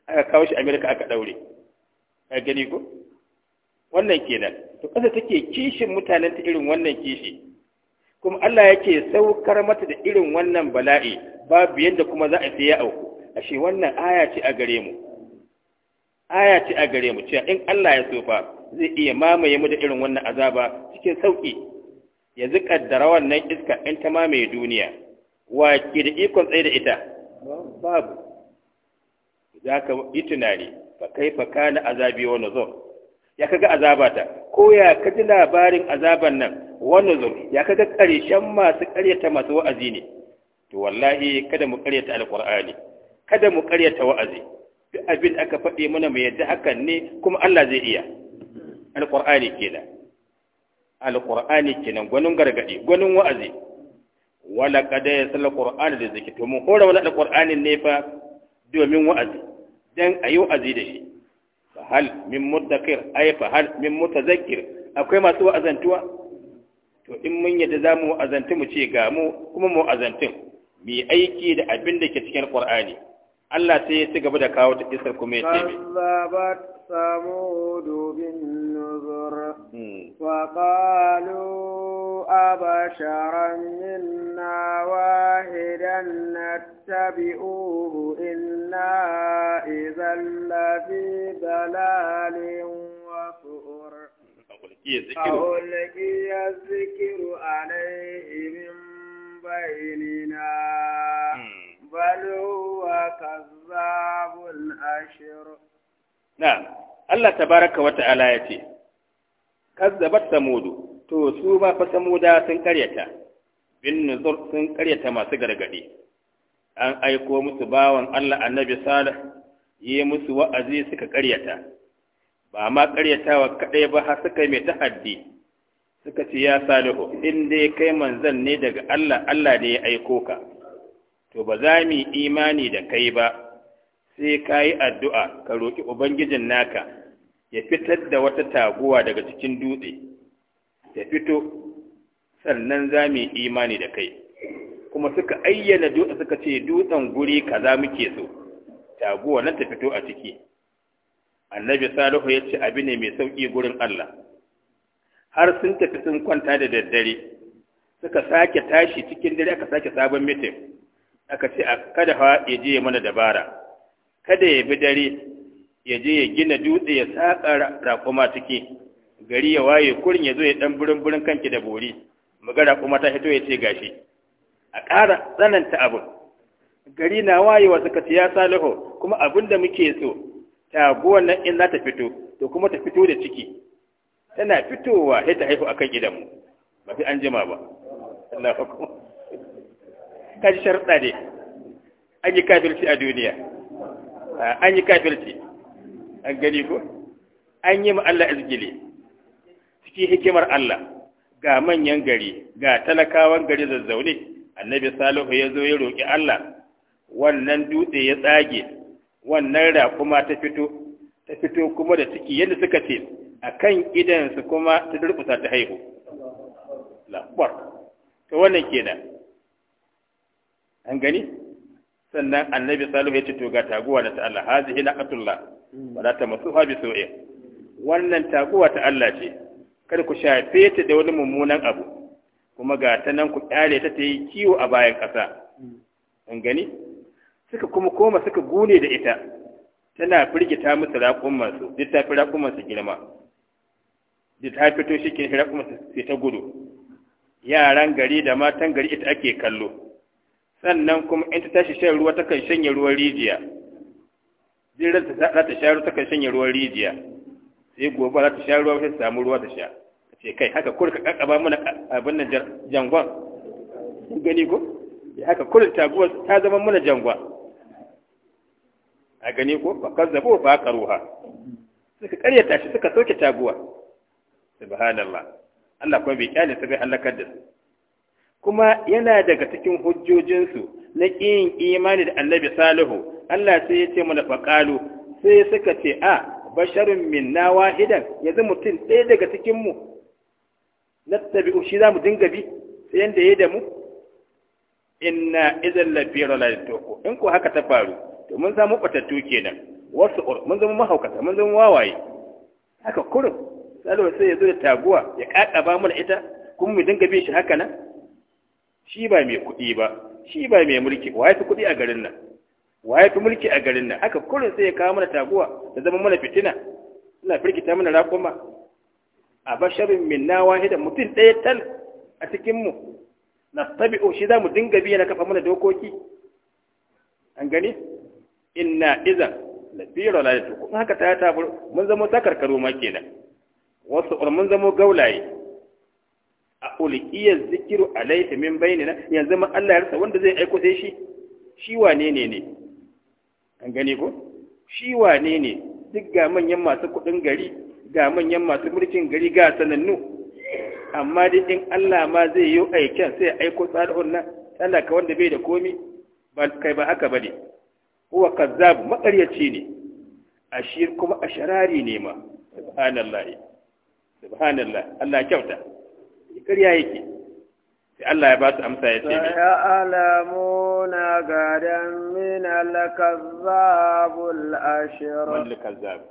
aka kawo shi amerika aka ɗaure a gani ko wannan kenan to ƙasa take kishin mutanen ta irin wannan kishi kuma Allah yake saukar mata da irin wannan bala'i babu yadda kuma za a sai ya auku ashe wannan aya ce a gare mu aya ce a gare mu cewa in Allah ya so zai iya mamaye mu da irin wannan azaba cikin sauki yanzu kaddara wannan iska in ta mamaye duniya wa ke da ikon tsaye da ita babu za ka yi tunani fa kai fa kana azabi wa nuzur ya kaga azabata ko ya kaji labarin azaban nan wa nuzur ya kaga karshen masu karyata masu wa'azi ne to wallahi kada mu karyata alqur'ani kada mu karyata wa'azi duk abin aka faɗi mana mu yadda hakan ne kuma Allah zai iya alqur'ani kenan alqur'ani kenan gwanin gargadi gwanin wa'azi wala kada ya salla qur'ani da zaki to mun hora wani Alƙur'ani ne fa domin wa'azi dan yi wa'azi da shi fa hal min muddakir ay fa hal min mutazakkir akwai masu wa'azantuwa to in mun yadda zamu wa'azantu mu ce ga mu kuma mu wa'azantun mu aiki da abin da ke cikin qur'ani Allah sai ya ci gaba da kawo ta isar kuma ya ce mai. Kazzabat samudu bin nuzur, hmm. wa qalu abasharan minna idan na ubu ina izan lafi dalalin wasu'ur. Kaulaki ya zikiru alaihi بل هو كذاب أشر نعم الله تبارك وتعالى يتي كذبت ثمود to su ma fa samuda sun karyata bin nuzur sun karyata masu gargadi an aiko musu bawan Allah annabi salih yi musu wa'azi suka karyata ba ma karyatawa kaɗai ba har suka mai tahaddi suka ce ya salihu in dai kai manzan ne daga Allah Allah ne ya aiko ka to ba za mu yi imani da kai ba sai ka yi addu'a ka roƙi ubangijin naka ya fitar da wata taguwa daga cikin dutse ya fito sannan za mu yi imani da kai kuma suka ayyana dutse suka ce dutsen guri kaza muke so taguwa nan ta fito a ciki annabi salihu ya ce abu ne mai sauƙi gurin allah har sun tafi sun kwanta da daddare suka sake tashi cikin dare aka sake sabon mitin aka ce a kada fa ya je mana dabara kada ya bi dare ya je ya gina dutse ya saƙa rakuma ciki gari ya waye kurin ya zo ya ɗan burin burin kanki da bori ga rakuma ta hito ya ce gashi a ƙara tsananta abin gari na wayewa suka ce ya salihu kuma abin da muke so Ta taguwan nan in za ta fito to kuma ta fito da ciki tana fitowa sai ta haihu akan gidanmu ba fi an jima ba Allah kaji sharɗa ne an yi kafirci a duniya an yi kafirci an gani ko an yi ma Allah izgili cikin hikimar Allah ga manyan gari ga talakawan gari zazzaune annabi salihu ya zo ya roƙi Allah wannan dutse ya tsage wannan raƙuma ta fito ta fito kuma da ciki yadda suka ce a kan idansu kuma ta durƙusa ta haihu labar to wannan kenan an gani sannan annabi salihu ya ce to ga taguwa na ta Allah hazihi naqatullah wala tamassuha bi su'in wannan taguwa ta Allah ce kada ku shafe ta da wani mummunan abu kuma ga ta nan ku kyale ta ta yi kiwo a bayan ƙasa an gani suka kuma koma suka gune da ita tana firgita musu raƙumansu duk ta fi raƙumansu girma duk ta fito shi ke raƙumansu sai ta gudu yaran gari da matan gari ita ake kallo sannan kuma in ta tashi shan ruwa ta kan shanye ruwan rijiya zai ta za ta sha ruwa ta kan shanye ruwan rijiya sai gobe za ta sha ruwa sai ta samu ruwa ta sha ta ce kai haka kurka kakaba mana abin nan jangon gani ko ya haka kurin taguwa ta zama mana jangon a gani ko ba zabo ba ka ruwa. suka karyata shi suka soke taguwa subhanallah Allah kuma bai kyale su bai halakar da su kuma yana daga cikin hujjojinsu na ƙin imani da annabi salihu Allah sai ya ce mana faƙalu sai suka ce a basharun minna wahidan yanzu mutum ɗaya daga cikinmu na tabi'u shi za mu dinga bi sai yanda ya da mu inna idan la lalitoko in ko haka ta faru to mun samu ɓatattu kenan wasu mun zama mahaukata mun zama wawaye haka kurum salo sai ya zo da taguwa ya ƙaƙaba mana ita kuma mu dinga bin shi haka nan shi ba mai kuɗi ba shi ba mai mulki wa ya fi kuɗi a garin nan wa ya fi mulki a garin nan haka kurin sai ya kawo mana taguwa da zama mana fitina suna firgita mana rakuma a basharin min na wahida mutum ɗaya tal a cikinmu na tabi'o shi za mu dinga biya na kafa mana dokoki an gani inna izan da biro lalata kuma haka ta ya tabar mun zamo takarkaro ma kenan wasu mun zamo gaulaye a iya zikiru alaihi min bainina yanzu ma Allah ya rasa wanda zai aiko sai shi shi wane ne ne an gane ko shi wane ne duk ga manyan masu kuɗin gari ga manyan masu mulkin gari ga sanannu amma dai in Allah ma zai yi aikin sai aiko tsarin nan ka wanda bai da komi ba kai ba haka bane huwa kazzab makaryaci ne ashir kuma asharari ne ma subhanallah subhanallah Allah kyauta ƙarya yake sai Allah ya ba su amsa ya ce ya alamuna gadan min al-kazzabul ashir wal kazzab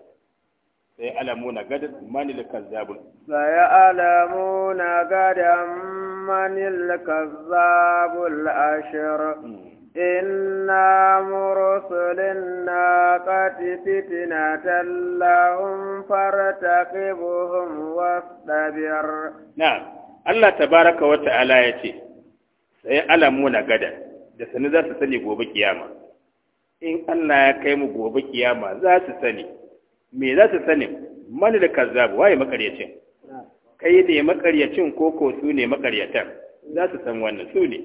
sai alamuna gadan man al-kazzabul sai alamuna gadan man al-kazzabul ashir إنا مرسل الناقة فتنة لهم فارتقبهم واصطبر نعم Allah tabaraka wa ta'ala ya ce sai alamu na gada da sani za su sani gobe kiyama in Allah ya kai mu gobe kiyama za su sani me za su sani mani da kazzabu waye makaryacin kai ne makaryacin koko su ne makaryatan za su san wannan su ne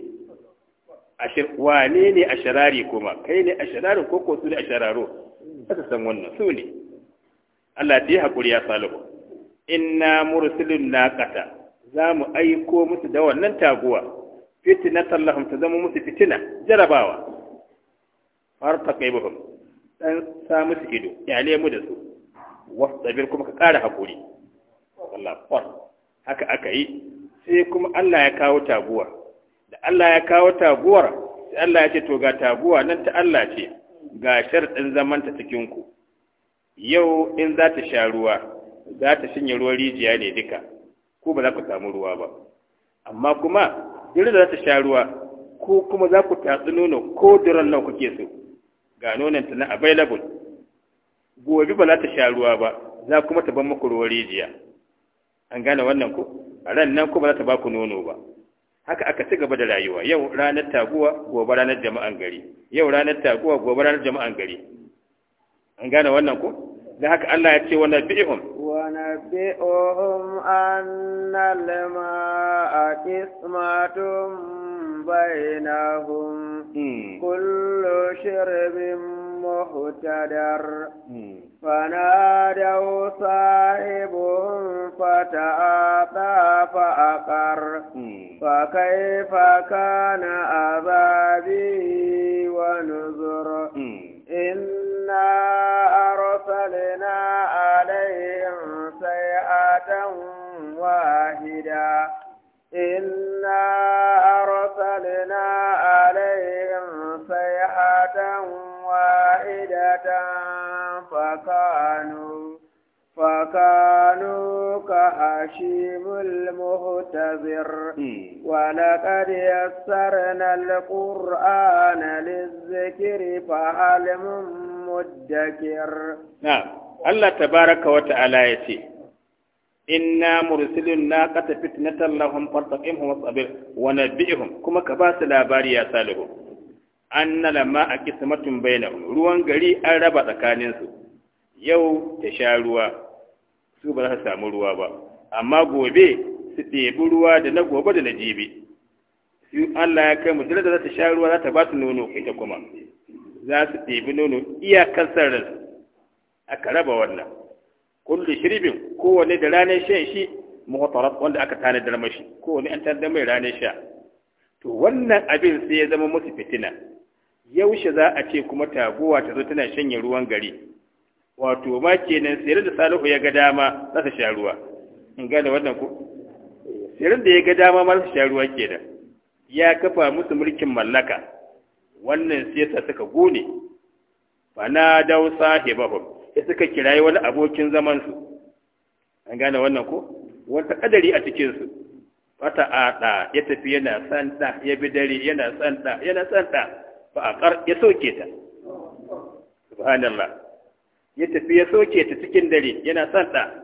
wane ne a sharari kuma kai ne a ko koko su ne a shararo za su san wannan su ne Allah ta yi haƙuri ya salihu inna na naqata za mu aiko musu da wannan taguwa fitina lahum ta zama musu fitina jarabawa har ta kai buhum dan sa musu ido yale mu da su wasabir kuma ka ƙara hakuri wallahi haka aka yi sai kuma Allah ya kawo taguwa da Allah ya kawo taguwar sai Allah ya ce to ga taguwa nan ta Allah ce ga sharɗin zaman ta cikin ku yau in za ta sha ruwa za ta shanye ruwan rijiya ne duka ko ba za ku samu ruwa ba amma kuma irin da za ta sha ruwa ko kuma za ku tatsi nono ko duran nan kuke so ga nonon ta na available gobe ba za ta sha ruwa ba za kuma ta ban muku ruwa rijiya an gane wannan ku a ran nan kuma za ta ba ku nono ba haka aka ci gaba da rayuwa yau ranar taguwa gobe ranar jama'an gari yau ranar taguwa gobe ranar jama'an gari an gane wannan ku da haka Allah ya ce wani bi'ihun wani bi'ihun an na lima a kismatun bayanahun hmm. kullo shirbin mahutadar hmm. fana da wusa ibun fata a tsafa hmm. a kar fakai faka na wani zuru إنا أرسلنا عليهم سيئة واحدة إنا أرسلنا عليهم سيئة واحدة فكانوا فكانوا كهشيم المهتذر ولقد يسرنا القرآن sakamakoiyya ce ta yi na allah ta baraka wata ala ya ce. inna mursilun na katapet na tallahon faratak in homa kuma ka ba su labari ya saliku. an nana ma a kisa baina ruwan gari an raba tsakanin su yau ta sha ruwa su ba za su samu ruwa ba. amma gobe su ruwa da na gobe da na jibi. in Allah ya kai mutum da za ta sha ruwa za ta ba su nono ita kuma za su ɗebi nono iyakar sarrin a raba wannan kullu shirbin kowane da ranar shan shi mahotarar wanda aka da ramashi kowane an da mai ranar sha to wannan abin sai ya zama musu fitina yaushe za a ce kuma taguwa ta zo tana shanye ruwan gari wato ma kenan sayar da salihu ya ga dama za ta sha ruwa in gane wannan ku? sayar da ya ga dama ma za ta sha ruwa kenan ya kafa musu mulkin mallaka wannan sai sa suka gune fana dau sahibahum sai suka kirayi wani abokin zaman su an gane wannan ko wata kadari a cikin su fata ada ya tafi yana santa da ya bi dare yana santa da yana santa da a kar ya soke ta subhanallah ya tafi ya soke ta cikin dare yana santa da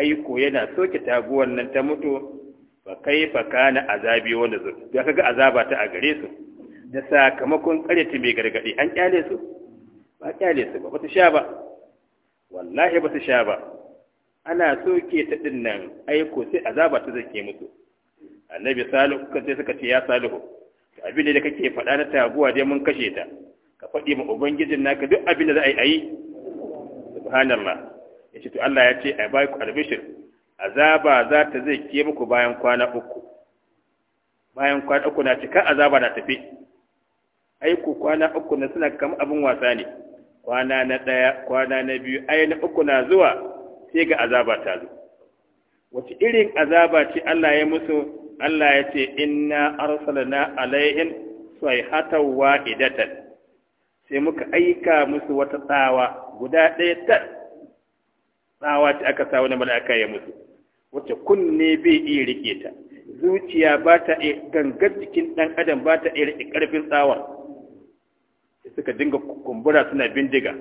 aiko yana soke taguwar nan ta mutu Ba fa kaifa kana azabi wanda zo ya kaga azaba ta a gare su da sakamakon karyata mai gargadi an kyale su ba kyale su ba ba sha ba wallahi ba sha ba ana soke ta din nan aiko sai azaba ta zake musu annabi salihu kan sai suka ce ya salihu abin da kake faɗa na taguwa dai mun kashe ta ka faɗi ma ubangijin naka duk abin da za a yi subhanallah ya ce to Allah ya ce a bai ku albishir azaba za ta zai ke muku bayan kwana uku bayan kwana uku na cika azaba na tafi aiku kwana uku na suna kama abin wasa ne kwana na ɗaya kwana na biyu ai na uku na zuwa sai ga azaba ta zo wace irin azaba ce Allah ya musu Allah ya ce inna arsalna alaihim sayhatan idatan? sai muka aika musu wata tsawa guda ɗaya ta tsawa ta aka sa wani mala'ika ya musu wacce kunne bai iya rike ta zuciya ba ta iya gangar jikin ɗan adam ba ta iya rike ƙarfin tsawon suka dinga kumbura suna bindiga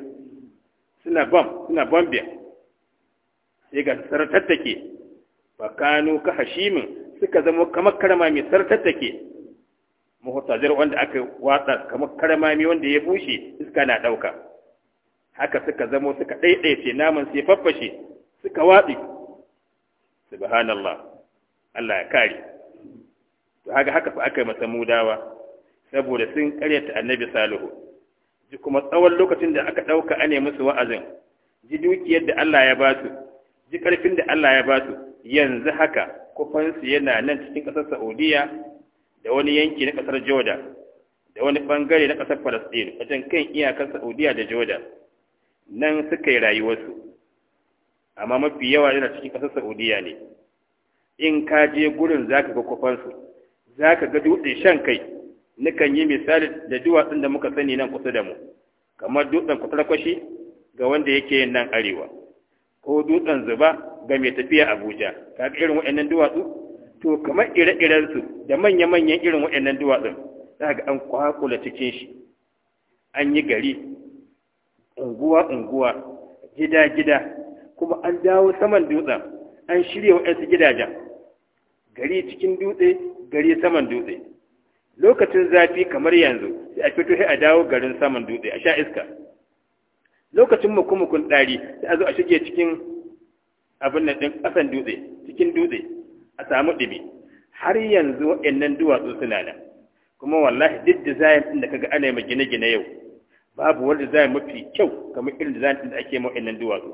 suna bam suna bambiya sai ga saratattake ba kanu ka hashimin suka zama kamar karama mai saratattake mahutajar wanda aka watsa kamar mai wanda ya bushe iska na ɗauka haka suka zamo suka ɗaiɗaice naman sai faffashe suka watsi subhanallah Allah ya kare to haka haka fa aka yi masa mudawa saboda sun karyata annabi salihu ji kuma tsawon lokacin da aka ɗauka ane musu wa'azin ji dukiyar da Allah ya ba su ji karfin da Allah ya ba su yanzu haka kufansu yana nan cikin ƙasar Saudiya da wani yanki na ƙasar Jordan da wani ɓangare na ƙasar Falasɗin wajen kan iyakar Saudiya da Jordan nan suka yi rayuwarsu amma mafi yawa yana cikin ƙasar saudiya ne in ka je gurin za ka ga kwafansu za ka ga dutsen shan kai nukan yi misali da duwatsun da muka sani nan kusa da mu kamar dutsen kwatarkwashi ga wanda yake yin nan arewa ko dutsen zuba ga mai tafiya abuja ka ga irin waɗannan duwatsu to kamar ire-irensu da manya-manyan irin waɗannan duwatsun za ga an kwakula cikin shi an yi gari unguwa-unguwa gida-gida kuma an dawo saman dutsen an shirya waɗansu gidajen gari cikin dutse gari saman dutse lokacin zafi kamar yanzu sai a fito sai a dawo garin saman dutse a sha iska lokacin mukumukun ɗari sai a zo a shige cikin abin nan ɗin ƙasan dutse cikin dutse a samu ɗumi har yanzu waɗannan duwatsu suna nan kuma wallahi duk da design ɗin da kaga ana yi gine-gine yau babu wani design mafi kyau kamar irin design ɗin da ake ma waɗannan duwatsu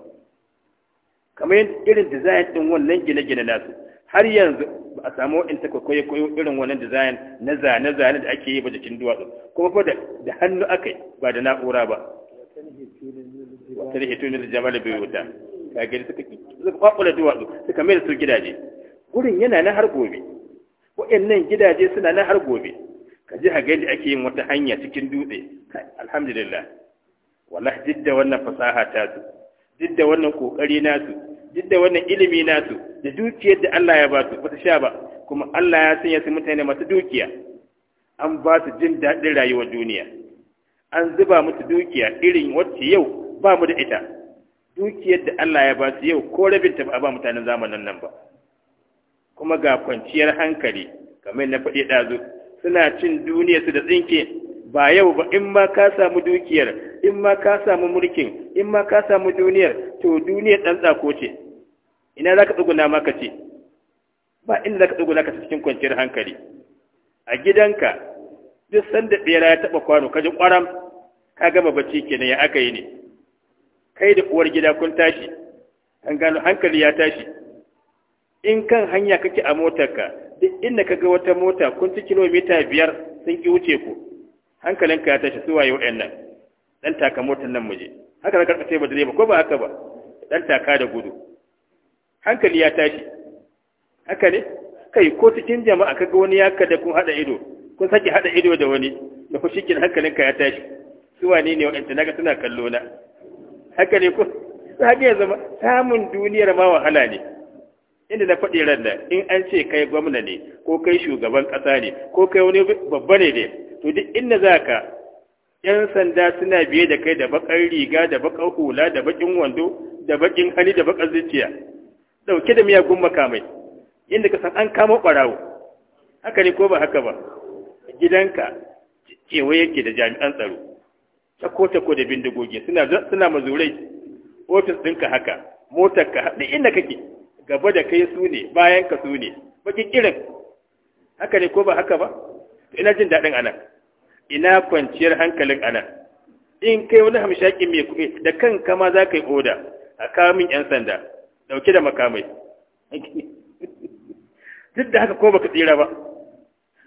kamar irin design din wannan gine-gine nasu har yanzu ba a samu waɗanda ta kwaikwayo koyo irin wannan design na zane-zane da ake yi ba jikin duwatsu kuma fa da hannu aka yi ba da na'ura ba wata rike tunin jamal bai wuta ka gani suka suka duwatsu suka mai da su gidaje gurin yana na har gobe waɗannan gidaje suna na har gobe ka ji haga da ake yin wata hanya cikin dutse alhamdulillah wallahi duk da wannan fasaha ta su duk da wannan kokari nasu duk da wannan ilimi nasu da dukiyar da Allah ya ba su ba sha ba kuma Allah ya sanya su mutane masu dukiya an ba su jin daɗin rayuwar duniya an zuba musu dukiya irin wacce yau ba mu da ita dukiyar da Allah ya ba su yau ko rabin ta ba mutanen zamanin nan ba kuma ga kwanciyar hankali kamar na faɗi ɗazu suna cin su da tsinke ba yau ba in ma ka samu dukiyar in ma ka samu mulkin in ma ka samu duniyar to duniyar dan tsako ce ina za ka tsuguna maka ce ba inda za ka tsuguna ka cikin kwanciyar hankali a gidanka duk sanda ɓera ya taɓa kwano ka ji ƙwaram ka gama bacci kenan ya aka yi ne kai da uwar gida kun tashi an gano hankali ya tashi in kan hanya kake a motarka duk inda ka ga wata mota kun ci kilomita biyar sun ki wuce ku hankalinka ya tashi suwaye waɗannan dan taka motar nan muje haka zaka sai ba direba ko ba haka ba dan taka da gudu hankali ya tashi haka ne kai ko cikin jama'a kaga wani ya kada kun hada ido kun saki hada ido da wani da ku shikin hankalinka ya tashi suwane ne waɗanda naga suna kallo na haka ne ko haka ya zama samun duniyar ma wahala ne inda na faɗi ran in an ce kai gwamna ne ko kai shugaban ƙasa ne ko kai wani babba ne dai to duk inda za ka ‘yan sanda suna biye da kai da bakar riga da bakar hula da bakin wando da bakin hali da bakar zuciya ɗauke da miyagun makamai inda ka san an kama ɓarawo haka ne ko ba haka ba gidanka kewa yake da jami'an tsaro tako-tako da bindigogi suna suna mazurai ofis ɗinka haka motar ka haɗe inda kake gaba da kai su ne bayan ka su ne bakin irin haka ne ko ba haka ba ina jin daɗin anan ina kwanciyar hankalin anan in kai wani hamshaki mai kuɗi da kanka ma za ka yi oda a kamin 'yan sanda ɗauke da makamai duk da haka ko baka tsira ba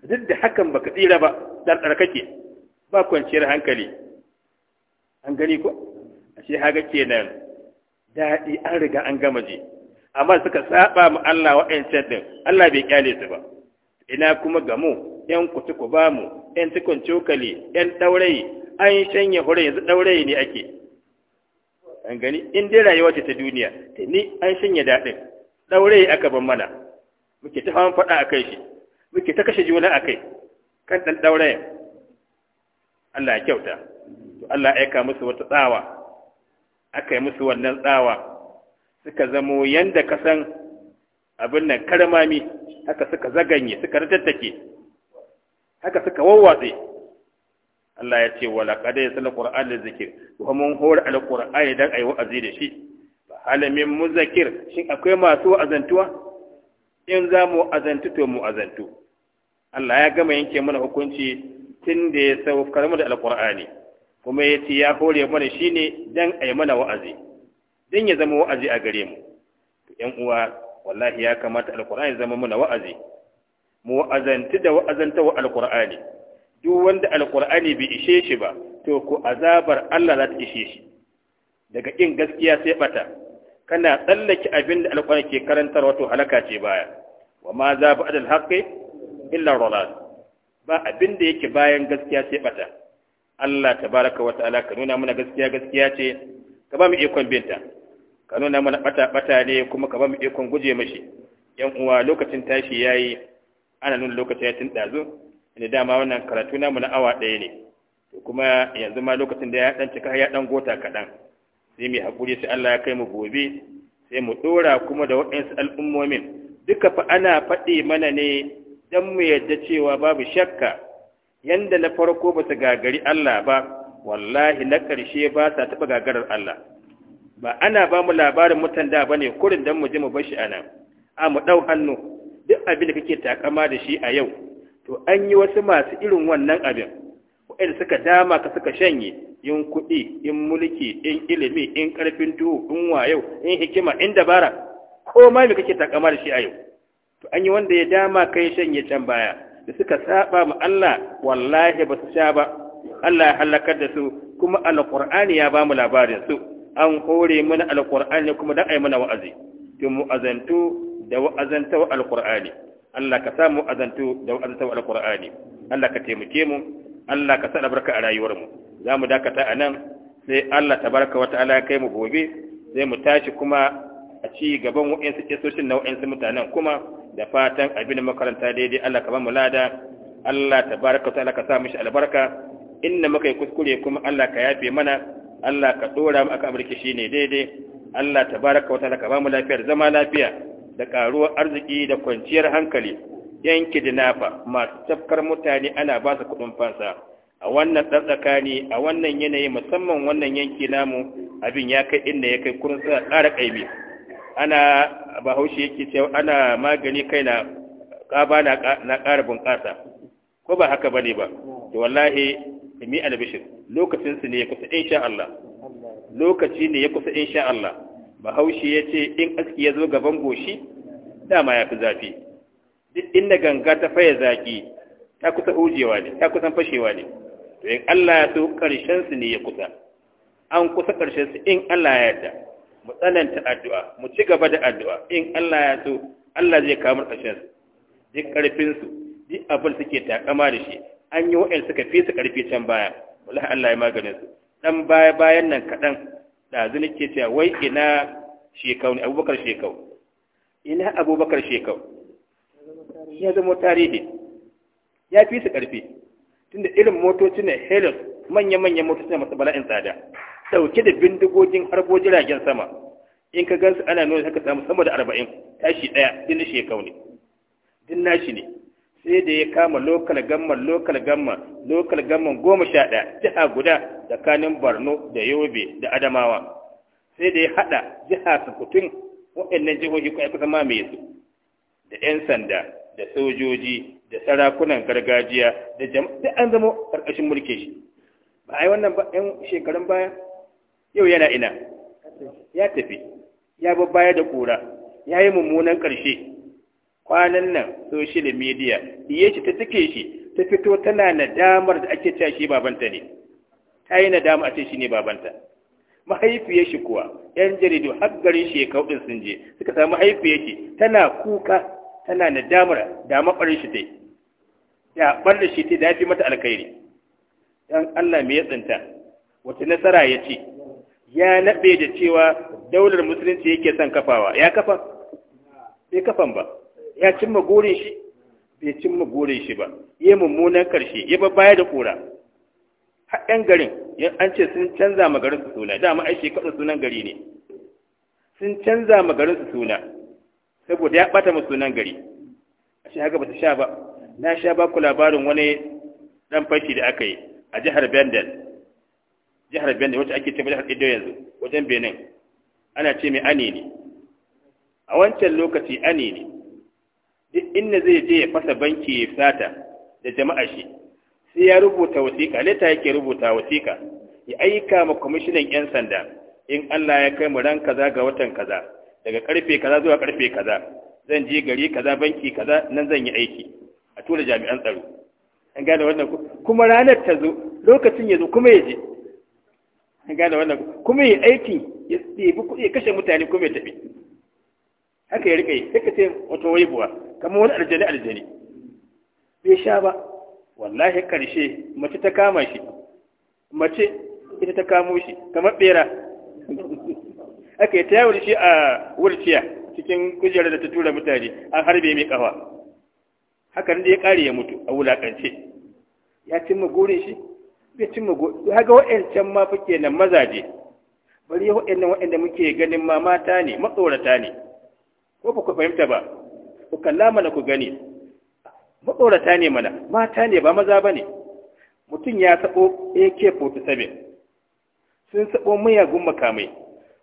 duk da hakan baka tsira ba ɗarɗar kake ba kwanciyar hankali an gani ko ashe haka kenan daɗi an riga an gama je amma suka saba ma Allah wa'ancan din Allah bai kyale su ba ina kuma gamo ‘yan ku ba mu, ‘yan tukun cokali, ‘yan ɗaurayi, an shanya hura yanzu ɗaurayi ne ake. An gani, in dai rayuwa ce ta duniya, ta ni an shanya daɗin, ɗaurayi aka ban mana, muke ta hawan faɗa a kai shi, muke ta kashe juna a kai, kan ɗan ɗaurayin. Allah ya kyauta, Allah ya aika musu wata tsawa, aka yi musu wannan tsawa, suka zamo yanda ka san abin nan karmami haka suka zaganye suka rattattake, haka suka wawwatse Allah ya ce wala kada ya Qur'an da zikir wa mun hora al da dan ayi wa'azi da shi halamin muzakir shin akwai masu azantuwa in za mu azantu to mu azantu Allah ya gama yanke mana hukunci tun da ya saukar mu da alqur'ani kuma ya ce ya hore mana shine dan ayi mana wa'azi dan ya zama wa'azi a gare mu to ƴan uwa wallahi ya kamata ya zama mana wa'azi mu azanti da wa alqur'ani duk wanda alqur'ani bai ishe shi ba to ko azabar Allah za ta ishe shi daga kin gaskiya sai bata kana tsallake abin da alqur'ani ke karantar wato halaka ce baya wa ma za ba adal haqqi illa rulal ba abin da yake bayan gaskiya sai bata Allah tabaraka wa ta'ala ka nuna mana gaskiya gaskiya ce ka ba mu ikon binta ka nuna mana bata bata ne kuma ka ba mu ikon guje mashi yan uwa lokacin tashi yayi ana nuna lokaci ya tun ɗazu inda dama wannan karatu namu na awa ɗaya ne kuma yanzu ma lokacin da ya ɗan cika ya ɗan gota kaɗan sai mai haƙuri sai Allah ya kai mu gobe sai mu ɗora kuma da waɗansu al'ummomin duka fa ana faɗi mana ne don mu yadda cewa babu shakka yanda na farko ba su gagari Allah ba wallahi na ƙarshe ba sa taɓa gagarar Allah ba ana ba mu labarin mutan da ba ne kurin don mu ji mu bashi a nan a mu ɗau hannu duk abin da kake takama da shi a yau to an yi wasu masu irin wannan abin waɗanda suka dama ka suka shanye in kuɗi in mulki in ilimi in ƙarfin tuwo in wayo in hikima in dabara ko ma me kake takama da shi a yau to an yi wanda ya dama kai shanye can baya da suka saba ma Allah wallahi ba su sha ba Allah ya halakar da su kuma alqur'ani ya ba mu labarin su an hore mana alqur'ani kuma dan ai mana wa'azi to mu azantu da wa'azantawa alqur'ani Allah ka samu azantu da wa'azantawa alqur'ani Allah ka taimake mu Allah ka sa barka a rayuwar mu za mu dakata a nan sai Allah ta barka wata ala kai mu gobe sai mu tashi kuma a ci gaban wa'ansu kesoshin na wa'ansu mutanen kuma da fatan abin makaranta daidai Allah ka ba mu lada Allah ta barka wa ta'ala ka sa mishi albarka inna muka yi kuskure kuma Allah ka yafe mana Allah ka dora mu aka amurki ne daidai Allah ta baraka wata ala ka ba mu lafiyar zama lafiya da ƙaruwar arziki da kwanciyar hankali yanki dinafa masu tafkar mutane ana ba su kuɗin fansa a wannan ɗan tsakani a wannan yanayi musamman wannan yanki namu abin ya kai inda ya kai kurin suna ƙara ƙaimi ana bahaushe yake cewa ana magani kai na ƙaba na ƙara bunƙasa ko ba haka bane ba to wallahi mi albishir lokacin su ne ya kusa insha Allah lokaci ne ya kusa insha Allah bahaushe ya ce in aski ya zo gaban goshi dama ya fi zafi duk inda ganga ta faya zaki ta kusa ujewa ne ta kusan fashewa ne to in Allah ya so karshen su ne ya kusa an kusa karshen su in Allah ya yarda mu tsananta addu'a mu ci gaba da addu'a in Allah ya so Allah zai kawo karshen su duk karfin su duk abin suke takama da shi an yi wa'in suka fi su karfi can baya wallahi Allah ya maganin su dan baya bayan nan kadan ɗazu ke cewa wai ina shekau ne abubakar shekau ina abubakar shekau ya zama tarihi ya fi su ƙarfi tunda irin motocin na helos manya-manyan motocin masu bala'in tsada ɗauke da bindigogin harbo jiragen sama in ka gansu ana nuna haka samu sama da arba'in tashi ɗaya din shekau ne din nashi ne sai da ya kama lokal gamma lokal gamma lokal gamma goma sha ɗaya jiha guda tsakanin borno da yobe da adamawa sai da ya haɗa jiha sukutun waɗannan jihohi kuma kusa mamaye su da 'yan sanda da sojoji da sarakunan gargajiya da jama'a an zama ƙarƙashin mulke shi ba a yi wannan ba 'yan shekarun baya yau yana ina ya tafi ya baya da ƙura ya yi mummunan ƙarshe kwanan nan social media iya ce ta take shi ta fito tana nadamar da ake cewa shi babanta ne ta yi nadama a ce shi ne babanta mahaifiyar shi kuwa yan jaridu har garin shi ya sun je suka samu mahaifiyar shi tana kuka tana nadamar da maɓarin shi dai ya ɓarda shi ta dafi mata alkhairi dan Allah mai ya tsinta wata nasara ya ce ya naɓe da cewa daular musulunci yake son kafawa ya kafa bai kafan ba ya cimma gore shi bai cimma gore shi ba ya mummunan karshe ya ba baya da kura haɗin garin an ce sun canza ma garin su suna dama ai shekaru sunan gari ne sun canza ma garin su suna saboda ya ɓata ma sunan gari a shi haka ba su sha ba na sha ba ku labarin wani ɗan fashi da aka yi a jihar bendel jihar bendel wacce ake ce jihar ido yanzu wajen Benin ana ce mai ane ne a wancan lokaci ane ne duk inda zai je ya fasa banki ya sata da jama'a shi sai ya rubuta wasiƙa leta yake rubuta wasiƙa ya aika ma kwamishinan 'yan sanda in Allah ya kai mu ran kaza ga watan kaza daga karfe kaza zuwa karfe kaza zan je gari kaza banki kaza nan zan yi aiki a tura jami'an tsaro an gane wannan kuma ranar ta zo lokacin ya zo kuma ya je an gane wannan kuma ya aiki ya kashe mutane kuma ya tafi haka ya rike sai ka ce wata waibuwa kamar wani aljani aljani bai sha ba wallahi karshe mace ta kama shi mace ita ta kamo shi kamar bera haka ya tayar shi a wurciya cikin kujerar da ta tura mutane a harbe mai kawa Haka da ya kare ya mutu a wulakance ya cimma gurin shi bai cimma gurin haka wa'ancan ma fa kenan mazaje bari wa'annan wa'anda muke ganin ma mata ne matsorata ne ko ba ku fahimta ba ku kalla mana ku gani matsorata ne mana mata ne ba maza ba ne mutum ya sabo ak-47 sun sabo mayagun makamai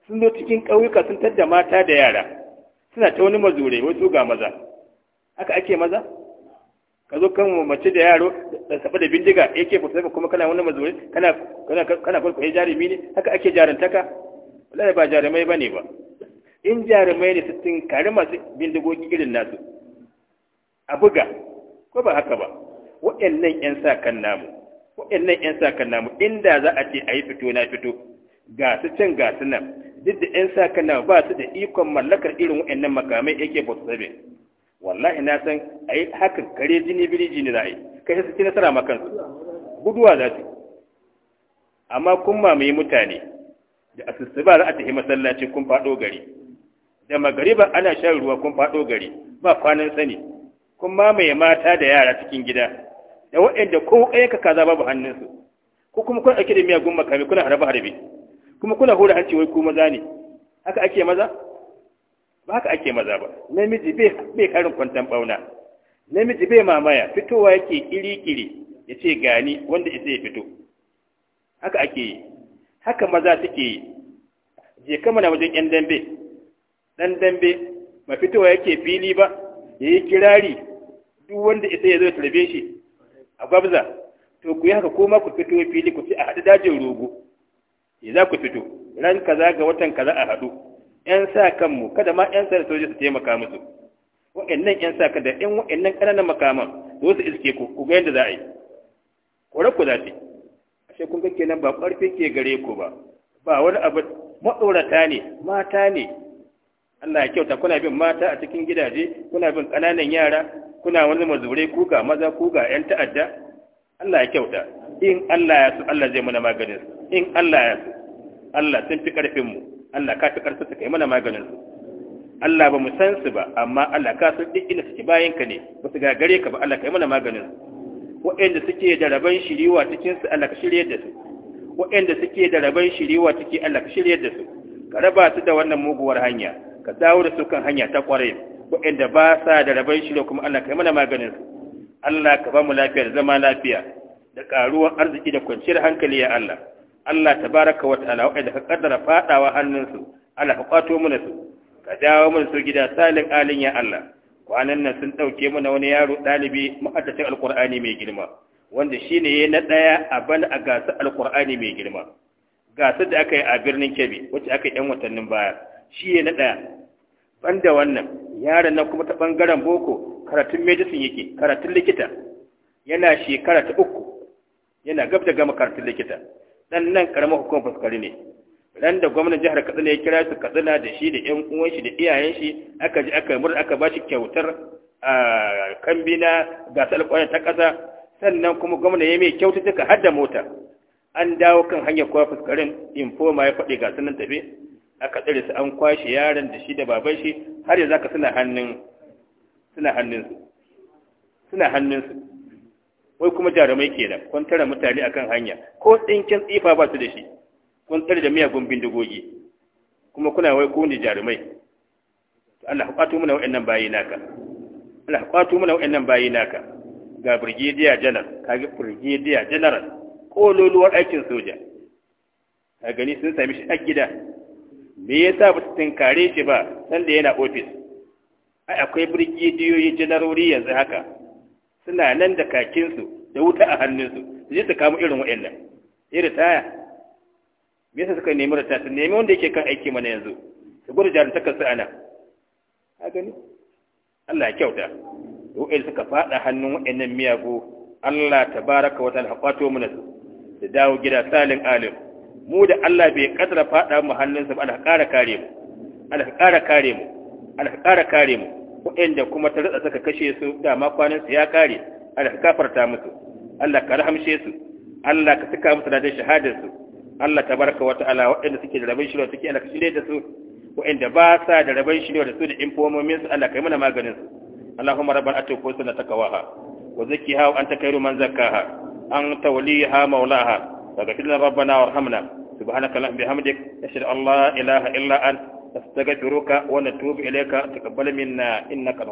sun zo cikin ƙauyuka sun tadda mata da yara suna ta wani mazure wasu ga maza haka ake maza ka zo kan mace da yaro da saba da bindiga ak-47 kuma kana wani mazure kana kana kana jarumi ne haka ake jarantaka wallahi ba jarumai ba ne ba in jarumai ne su tinkari masu bindigogi irin nasu a buga ko ba haka ba waɗannan 'yan sa kan namu waɗannan 'yan sa kan namu inda za a ce a yi fito na fito ga su can ga su nan duk da 'yan sa kan namu ba su da ikon mallakar irin waɗannan makamai yake ba su sabe wallahi na san a yi haka kare jini biriji ne za a yi kai su ci nasara ma kansu guduwa za su amma kun mamaye mutane da asusu ba za a tafi masallaci kun faɗo gari da magariba ana shan ruwa kun faɗo gari ba kwanan sani kun mamaye mata da yara cikin gida da waɗanda ko ka kaza babu hannunsu ko kuma kun ake da miyagun makami kuna harbe harbe kuma kuna hura hanci wai ku maza ne haka ake maza ba haka ake maza ba namiji bai karin kwantan bauna namiji bai mamaya fitowa yake kiri-kiri ya ce gani wanda isa ya fito haka ake yi haka maza suke yi je kama na wajen 'yan dambe dan dambe ma fitowa yake fili ba ya yi kirari duk wanda isa ya zo tarbe shi a gwabza to ku yi haka ko ma ku fito fili ku ci a haɗu dajin rogo ya za ku fito ran kaza ga watan kaza a haɗu yan sa kanmu kada ma yan sa da sojoji su taimaka musu nan yan sa da yan nan ƙananan makaman zo su iske ku ku ga yadda za a yi kore ku za ta ashe kun ga kenan ba ƙarfi ke gare ku ba ba wani abu maɗorata ne mata ne Allah ya kyauta kuna bin mata a cikin gidaje kuna bin ƙananan yara kuna wani mazure kuka maza kuga ƴan ta'adda Allah ya kyauta in Allah ya so Allah zai mana maganin su. in Allah ya so Allah sun fi ƙarfin mu Allah ka fi ƙarfin su kai mana maganin su Allah ba mu san su ba amma Allah ka san duk inda suke bayan ka ne ba su gagare ka ba Allah kai mana maganin su waɗanda suke da rabon shiriwa cikin su Allah ka shirye da su waɗanda suke da rabon shiriwa cikin Allah ka shirye da su ka raba su da wannan muguwar hanya ka dawo da sukan hanya ta kwarai waɗanda ba sa da rabai shi da kuma Allah ka yi mana maganin su Allah ka ba mu lafiya da zama lafiya da karuwar arziki da kwanciyar hankali ya Allah Allah tabaraka wa ta'ala waɗanda ka kaddara fadawa hannunsu Allah ka kwato mana su ka dawo mana su gida salin alin ya Allah kwanan nan sun ɗauke mana wani yaro ɗalibi ma'addacin alƙur'ani mai girma wanda shi ne na ɗaya a bana a gasar alƙur'ani mai girma gasar da aka yi a birnin kebbi wacce aka yi 'yan watannin baya shi ne na ɗaya da wannan yaron nan kuma ta ɓangaren boko karatun medicine yake karatun likita yana shekara ta uku yana gab da gama karatun likita dan nan ƙaramin hukumar fuskari ne ran da gwamnan jihar katsina ya kira su katsina da shi da yan uwan da iyayen shi aka ji aka murna aka bashi kyautar a kambi na gasar ta ƙasa sannan kuma gwamnan ya mai duka har da mota an dawo kan hanyar kowa fuskarin foma ya faɗi gasar nan tafe aka tsare su an kwashe yaron da shi da baban shi har yanzu aka suna hannun suna hannunsu suna hannunsu wai kuma jarumai kenan kun tara mutane akan hanya ko tsinkin tsifa ba su da shi kun tare da miyagun bindigogi kuma kuna wai ku ne jarumai Allah kwato mana wa'annan bayi naka Allah kwato mana wa'annan bayi naka ga brigadier general ga brigadier general kololuwar aikin soja a gani sun sami shi a gida me yasa ba su tinkare shi ba nan da yana ofis ai akwai birgidiyoyi janarori yanzu haka suna nan da kakinsu da wuta a hannunsu su je su kamo irin waɗannan sai ritaya me yasa suka nemi ritaya su nemi wanda yake kan aiki mana yanzu su gudu jarumtakar su ana a gani Allah kyauta da waɗanda suka faɗa hannun waɗannan miyagu Allah tabaraka wata alhaƙwato mana su da dawo gida salin alim mu da Allah bai kasara fada mu hannunsa ba Allah ƙara kare mu Allah ƙara kare mu Allah ƙara kare mu waɗanda kuma ta rasa suka kashe su da ma su ya kare Allah ka kafarta musu Allah ka rahamshe su Allah ka tuka musu da shahadar su Allah tabaraka wa ta'ala waɗanda suke da rabin shirya suke Allah ka shirye da su waɗanda ba sa da rabin shirya da su da infomomin su Allah ka yi mana maganin su Allahumma rabbana atina husna taqwaha wa zakkiha wa anta khairu man zakkaha anta waliyaha maulaha فاغفر لنا ربنا وارحمنا سبحانك اللهم بحمدك نشهد ان لا اله الا انت نستغفرك ونتوب اليك تقبل منا انك